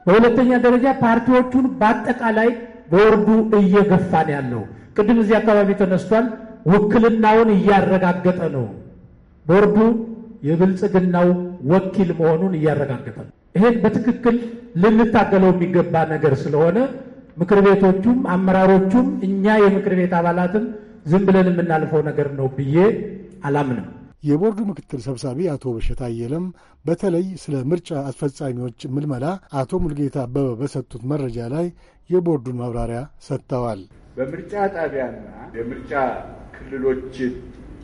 በሁለተኛ ደረጃ ፓርቲዎቹን በአጠቃላይ ቦርዱ እየገፋ ነው ያለው። ቅድም እዚህ አካባቢ ተነስቷል። ውክልናውን እያረጋገጠ ነው ቦርዱ የብልጽግናው ወኪል መሆኑን እያረጋገጠ ነው። ይሄን በትክክል ልንታገለው የሚገባ ነገር ስለሆነ ምክር ቤቶቹም አመራሮቹም እኛ የምክር ቤት አባላትም ዝም ብለን የምናልፈው ነገር ነው ብዬ አላምንም። የቦርዱ ምክትል ሰብሳቢ
አቶ በሸታ አየለም በተለይ ስለ ምርጫ አስፈጻሚዎች ምልመላ አቶ ሙልጌታ አበበ በሰጡት መረጃ ላይ የቦርዱን ማብራሪያ ሰጥተዋል።
በምርጫ ጣቢያና የምርጫ ክልሎች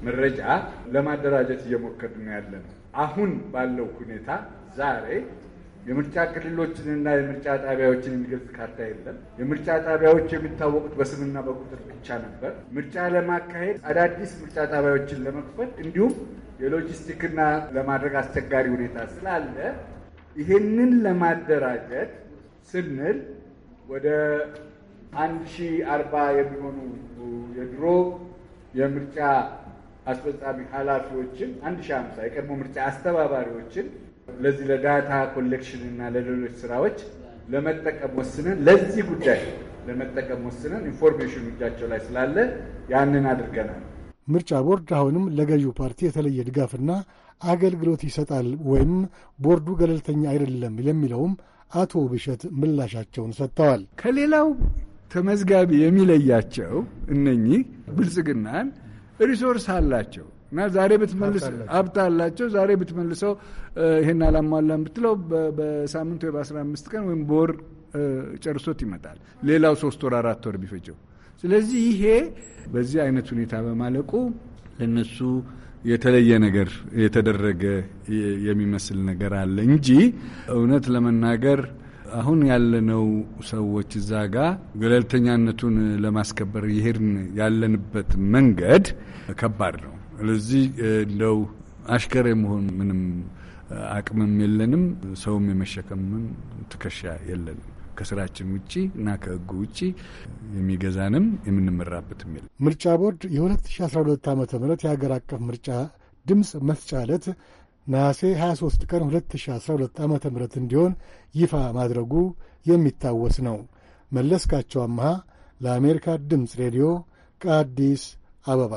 መረጃ ለማደራጀት እየሞከር ነው ያለ ነው። አሁን ባለው ሁኔታ ዛሬ የምርጫ ክልሎችንና የምርጫ ጣቢያዎችን የሚገልጽ ካርታ የለም። የምርጫ ጣቢያዎች የሚታወቁት በስምና በቁጥር ብቻ ነበር። ምርጫ ለማካሄድ አዳዲስ ምርጫ ጣቢያዎችን ለመክፈት እንዲሁም የሎጂስቲክና ለማድረግ አስቸጋሪ ሁኔታ ስላለ ይህንን ለማደራጀት ስንል ወደ አንድ ሺህ አርባ የሚሆኑ የድሮ የምርጫ አስፈጻሚ ኃላፊዎችን አንድ ሺ ሃምሳ የቀድሞ ምርጫ አስተባባሪዎችን ለዚህ ለዳታ ኮሌክሽን እና ለሌሎች ስራዎች ለመጠቀም ወስነን ለዚህ ጉዳይ ለመጠቀም ወስነን ኢንፎርሜሽን እጃቸው ላይ ስላለ ያንን አድርገናል።
ምርጫ ቦርድ አሁንም ለገዢው ፓርቲ የተለየ ድጋፍና አገልግሎት ይሰጣል ወይም ቦርዱ ገለልተኛ አይደለም ለሚለውም አቶ ብሸት
ምላሻቸውን ሰጥተዋል። ከሌላው ተመዝጋቢ የሚለያቸው እነኚህ ብልጽግናን ሪሶርስ አላቸው እና ዛሬ ብትመልስ ሀብት አላቸው። ዛሬ ብትመልሰው ይሄን አላሟላም ብትለው በሳምንት ወይ በአስራ አምስት ቀን ወይም በወር ጨርሶት ይመጣል። ሌላው ሶስት ወር አራት ወር ቢፈጀው። ስለዚህ ይሄ በዚህ አይነት ሁኔታ በማለቁ ለነሱ የተለየ ነገር የተደረገ የሚመስል ነገር አለ እንጂ እውነት ለመናገር አሁን ያለነው ሰዎች እዛ ጋ ገለልተኛነቱን ለማስከበር ይሄድን ያለንበት መንገድ ከባድ ነው። ስለዚህ እንደው አሽከር የመሆን ምንም አቅምም የለንም፣ ሰውም የመሸከምም ትከሻ የለንም። ከስራችን ውጭ እና ከህጉ ውጭ የሚገዛንም የምንመራበትም የለም።
ምርጫ ቦርድ የ2012 ዓ ም የሀገር አቀፍ ምርጫ ድምፅ መስጫ ዕለት ነሐሴ 23 ቀን 2012 ዓ ም እንዲሆን ይፋ ማድረጉ የሚታወስ ነው። መለስካቸው አመሃ ለአሜሪካ ድምፅ ሬዲዮ ከአዲስ አበባ።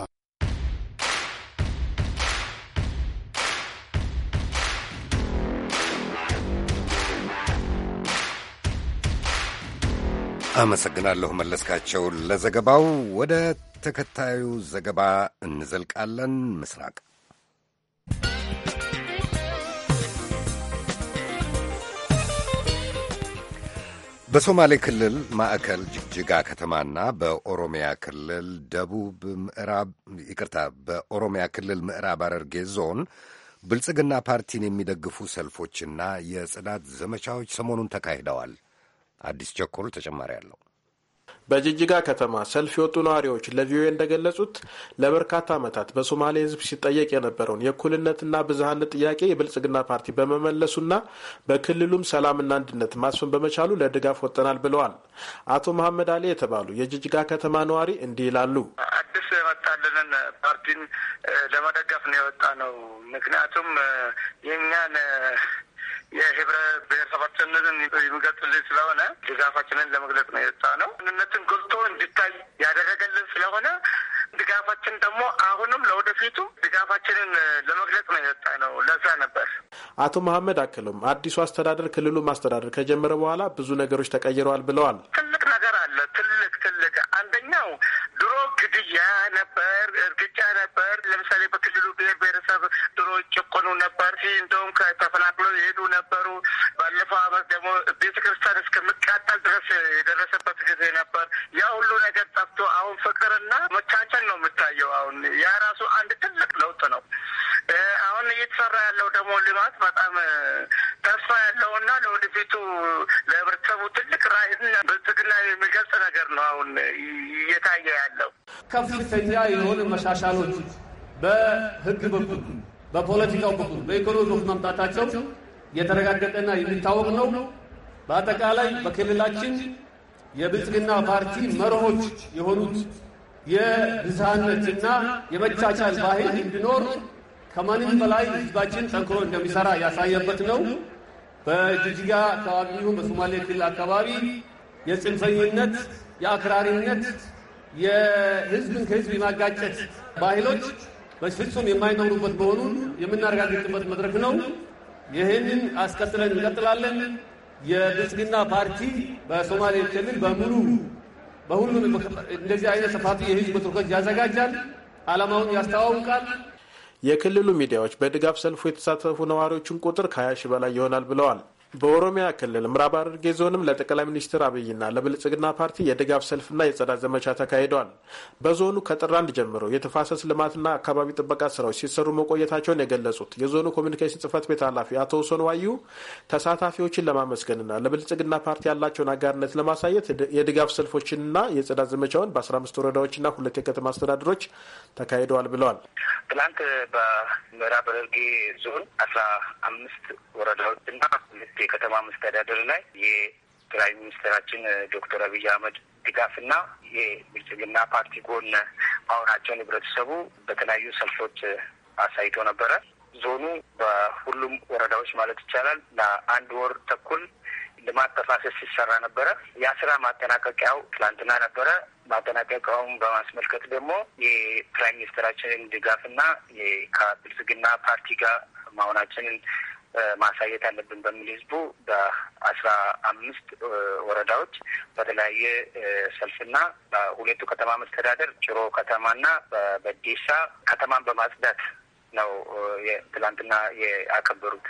አመሰግናለሁ መለስካቸው ለዘገባው። ወደ ተከታዩ ዘገባ እንዘልቃለን። ምስራቅ በሶማሌ ክልል ማዕከል ጅግጅጋ ከተማና በኦሮሚያ ክልል ደቡብ ምዕራብ ይቅርታ፣ በኦሮሚያ ክልል ምዕራብ አረርጌ ዞን ብልጽግና ፓርቲን የሚደግፉ ሰልፎችና የጽዳት ዘመቻዎች ሰሞኑን ተካሂደዋል። አዲስ ቸኮል ተጨማሪ አለው።
በጅጅጋ ከተማ ሰልፍ የወጡ ነዋሪዎች ለቪኦኤ እንደገለጹት ለበርካታ ዓመታት በሶማሌ ሕዝብ ሲጠየቅ የነበረውን የእኩልነትና ብዝሃነት ጥያቄ የብልጽግና ፓርቲ በመመለሱና በክልሉም ሰላምና አንድነት ማስፈን በመቻሉ ለድጋፍ ወጠናል ብለዋል። አቶ መሐመድ አሊ የተባሉ የጅጅጋ ከተማ ነዋሪ እንዲህ ይላሉ። አዲስ
የመጣልንን ፓርቲን ለመደገፍ ነው የወጣ ነው። ምክንያቱም የእኛን የህብረ ብሔረሰባችንን የሚገልጽልን ስለሆነ ድጋፋችንን ለመግለጽ ነው የወጣ ነው። አንድነትን ጎልቶ እንዲታይ ያደረገልን ስለሆነ ድጋፋችን ደግሞ አሁንም ለወደፊቱ ድጋፋችንን ለመግለጽ ነው የወጣ ነው። ለዛ ነበር
አቶ መሀመድ አክሎም አዲሱ አስተዳደር ክልሉ ማስተዳደር ከጀመረ በኋላ ብዙ ነገሮች ተቀይረዋል ብለዋል። ትልቅ ነገር አለ። ትልቅ ትልቅ ግድያ
ነበር፣ እርግጫ ነበር። ለምሳሌ በክልሉ ብሔር ብሔረሰብ ድሮ ይጨቆኑ ነበር፣ እንደውም ተፈናቅለው የሄዱ ነበሩ። ባለፈው አመት ደግሞ ቤተክርስቲያን ክርስቲያን ድረስ የደረሰበት ጊዜ ነበር። ያ ሁሉ ነገር ጠፍቶ አሁን ፍቅርና መቻንቸን ነው የምታየው። አሁን ያ ራሱ አንድ ትልቅ ለውጥ ነው። አሁን እየተሰራ ያለው ደግሞ ልማት በጣም ተስፋ ያለውና ለወደፊቱ
ለህብረተሰቡ ትልቅ ራዕይና ብልጽግና የሚገልጽ ነገር ነው አሁን እየታየ ያለው። ከፍተኛ የሆነ መሻሻሎች
በህግ በኩል በፖለቲካው በኩል በኢኮኖሚ በኩል መምጣታቸው የተረጋገጠና የሚታወቅ ነው። በአጠቃላይ በክልላችን የብልጽግና ፓርቲ መርሆች የሆኑት የብዝሃነትና የመቻቻል ባህል እንዲኖር ከማንም በላይ ህዝባችን ጠንክሮ እንደሚሰራ ያሳየበት ነው። በጅጅጋ አካባቢ፣ በሶማሌ ክልል አካባቢ የጽንፈኝነት የአክራሪነት የህዝብን ከህዝብ የማጋጨት ባህሎች በፍጹም የማይኖሩበት መሆኑን የምናረጋግጥበት መድረክ ነው። ይህንን አስቀጥለን እንቀጥላለን። የብልጽግና ፓርቲ በሶማሌ ክልል በሙሉ በሁሉም እንደዚህ አይነት ሰፋፊ የህዝብ መድረኮች ያዘጋጃል፣ አላማውን ያስተዋውቃል።
የክልሉ ሚዲያዎች በድጋፍ ሰልፉ የተሳተፉ ነዋሪዎችን ቁጥር ከ20 ሺህ በላይ ይሆናል ብለዋል። በኦሮሚያ ክልል ምዕራብ ሐረርጌ ዞንም ለጠቅላይ ሚኒስትር አብይና ለብልጽግና ፓርቲ የድጋፍ ሰልፍና የጽዳት ዘመቻ ተካሂደዋል። በዞኑ ከጥር አንድ ጀምሮ የተፋሰስ ልማትና አካባቢ ጥበቃ ስራዎች ሲሰሩ መቆየታቸውን የገለጹት የዞኑ ኮሚኒኬሽን ጽህፈት ቤት ኃላፊ አቶ ውሶን ዋዩ ተሳታፊዎችን ለማመስገንና ለብልጽግና ፓርቲ ያላቸውን አጋርነት ለማሳየት የድጋፍ ሰልፎችንና የጽዳት ዘመቻውን በአስራ አምስት ወረዳዎችና ሁለት የከተማ አስተዳደሮች ተካሂደዋል ብለዋል።
ትናንት በምዕራብ ሐረርጌ ዞን አስራ አምስት ወረዳዎችና ሁለት የከተማ መስተዳደር ላይ የጠቅላይ ሚኒስትራችን ዶክተር አብይ አህመድ ድጋፍና የብልጽግና ፓርቲ ጎን ማሆናቸውን ህብረተሰቡ በተለያዩ ሰልፎች አሳይቶ ነበረ። ዞኑ በሁሉም ወረዳዎች ማለት ይቻላል ለአንድ ወር ተኩል ልማት ተፋሰስ ሲሰራ ነበረ። ያ ስራ ማጠናቀቂያው ትላንትና ነበረ። ማጠናቀቂያውን በማስመልከት ደግሞ የፕራይም ሚኒስትራችንን ድጋፍና ከብልጽግና ፓርቲ ጋር መሆናችንን ማሳየት አለብን በሚል ህዝቡ በአስራ አምስት ወረዳዎች በተለያየ ሰልፍና በሁለቱ ከተማ መስተዳደር ጭሮ ከተማና በዴሳ ከተማን በማጽዳት ነው ትላንትና ያከበሩት።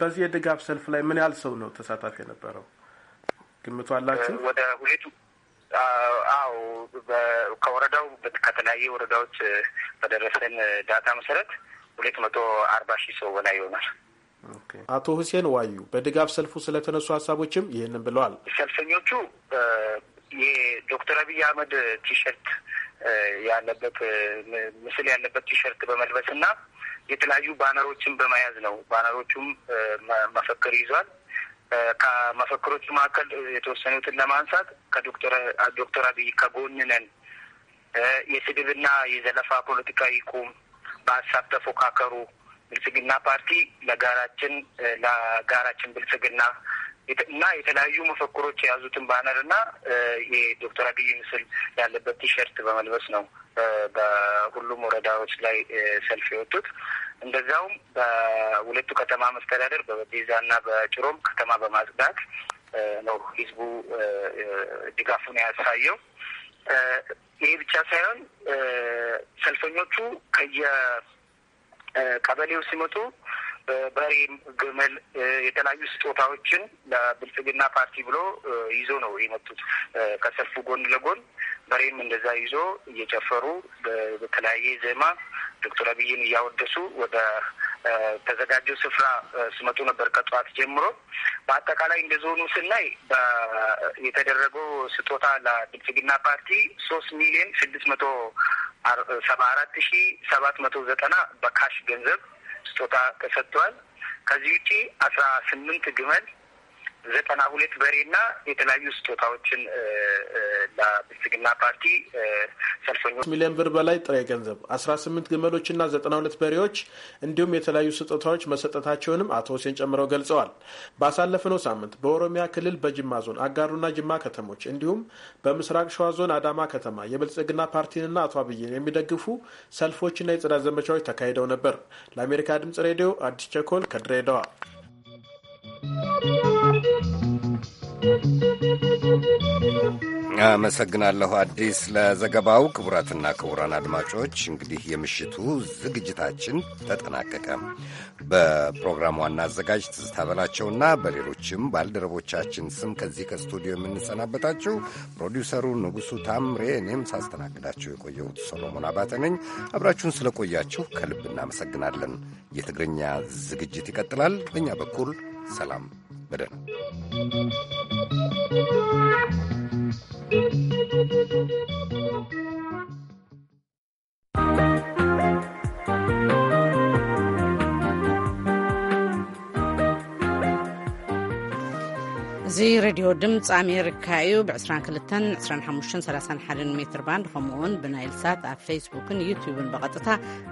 በዚህ የድጋፍ ሰልፍ ላይ ምን ያህል ሰው ነው ተሳታፊ የነበረው? ግምቱ አላችሁ? ወደ ሁለቱ
አዎ ከወረዳው ከተለያየ ወረዳዎች በደረሰን ዳታ መሰረት ሁለት መቶ አርባ ሺህ ሰው በላይ ይሆናል።
አቶ ሁሴን ዋዩ በድጋፍ ሰልፉ ስለተነሱ ሀሳቦችም ይህንን ብለዋል።
ሰልፈኞቹ የዶክተር አብይ አህመድ ቲሸርት ያለበት ምስል ያለበት ቲሸርት በመልበስ እና የተለያዩ ባነሮችን በመያዝ ነው። ባነሮቹም መፈክር ይዟል። ከመፈክሮቹ መካከል የተወሰኑትን ለማንሳት ከዶክተር አብይ ከጎን ነን፣ የስድብና የዘለፋ ፖለቲካ ይቁም በሀሳብ ተፎካከሩ። ብልጽግና ፓርቲ ለጋራችን ለጋራችን ብልጽግና እና የተለያዩ መፈክሮች የያዙትን ባነር እና የዶክተር አብይ ምስል ያለበት ቲሸርት በመልበስ ነው በሁሉም ወረዳዎች ላይ ሰልፍ የወጡት። እንደዛውም በሁለቱ ከተማ መስተዳደር በበዴዛ እና በጭሮም ከተማ በማጽዳት ነው ህዝቡ ድጋፉን ያሳየው። ይሄ ብቻ ሳይሆን ሰልፈኞቹ ከየቀበሌው ሲመጡ በሬ፣ ግመል፣ የተለያዩ ስጦታዎችን ለብልጽግና ፓርቲ ብሎ ይዞ ነው የመጡት። ከሰልፉ ጎን ለጎን በሬም እንደዛ ይዞ እየጨፈሩ በተለያየ ዜማ ዶክተር አብይን እያወደሱ ወደ ተዘጋጀው ስፍራ ስመጡ ነበር ከጠዋት ጀምሮ። በአጠቃላይ እንደ ዞኑ ስናይ የተደረገው ስጦታ ለብልጽግና ፓርቲ ሶስት ሚሊዮን ስድስት መቶ ሰባ አራት ሺ ሰባት መቶ ዘጠና በካሽ ገንዘብ ስጦታ ተሰጥቷል። ከዚህ ውጪ አስራ ስምንት ግመል ዘጠና ሁለት በሬና የተለያዩ ስጦታዎችን ለብልጽግና ፓርቲ
ሰልፈኞች ሚሊዮን ብር በላይ ጥሬ ገንዘብ፣ አስራ ስምንት ግመሎችና ዘጠና ሁለት በሬዎች እንዲሁም የተለያዩ ስጦታዎች መሰጠታቸውንም አቶ ሁሴን ጨምረው ገልጸዋል። ባሳለፍነው ሳምንት በኦሮሚያ ክልል በጅማ ዞን አጋሩና ጅማ ከተሞች እንዲሁም በምስራቅ ሸዋ ዞን አዳማ ከተማ የብልጽግና ፓርቲንና አቶ አብይን የሚደግፉ ሰልፎችና የጽዳት ዘመቻዎች ተካሂደው ነበር። ለአሜሪካ
ድምጽ ሬዲዮ አዲስ ቸኮል ከድሬዳዋ አመሰግናለሁ አዲስ ለዘገባው። ክቡራትና ክቡራን አድማጮች እንግዲህ የምሽቱ ዝግጅታችን ተጠናቀቀ። በፕሮግራም ዋና አዘጋጅ ትዝታ በላቸውና በሌሎችም ባልደረቦቻችን ስም ከዚህ ከስቱዲዮ የምንሰናበታችሁ ፕሮዲውሰሩ ንጉሡ ታምሬ፣ እኔም ሳስተናግዳችሁ የቆየሁት ሰሎሞን አባተ ነኝ። አብራችሁን ስለቆያችሁ ከልብ እናመሰግናለን። የትግርኛ ዝግጅት ይቀጥላል። በእኛ በኩል ሰላም
በደህና
እዚ ሬድዮ ድምፂ ኣሜሪካ እዩ ብ22 2531 ሜትር ባንድ ከምኡውን ብናይልሳት ኣብ ፌስቡክን ዩትብን ብቐጥታ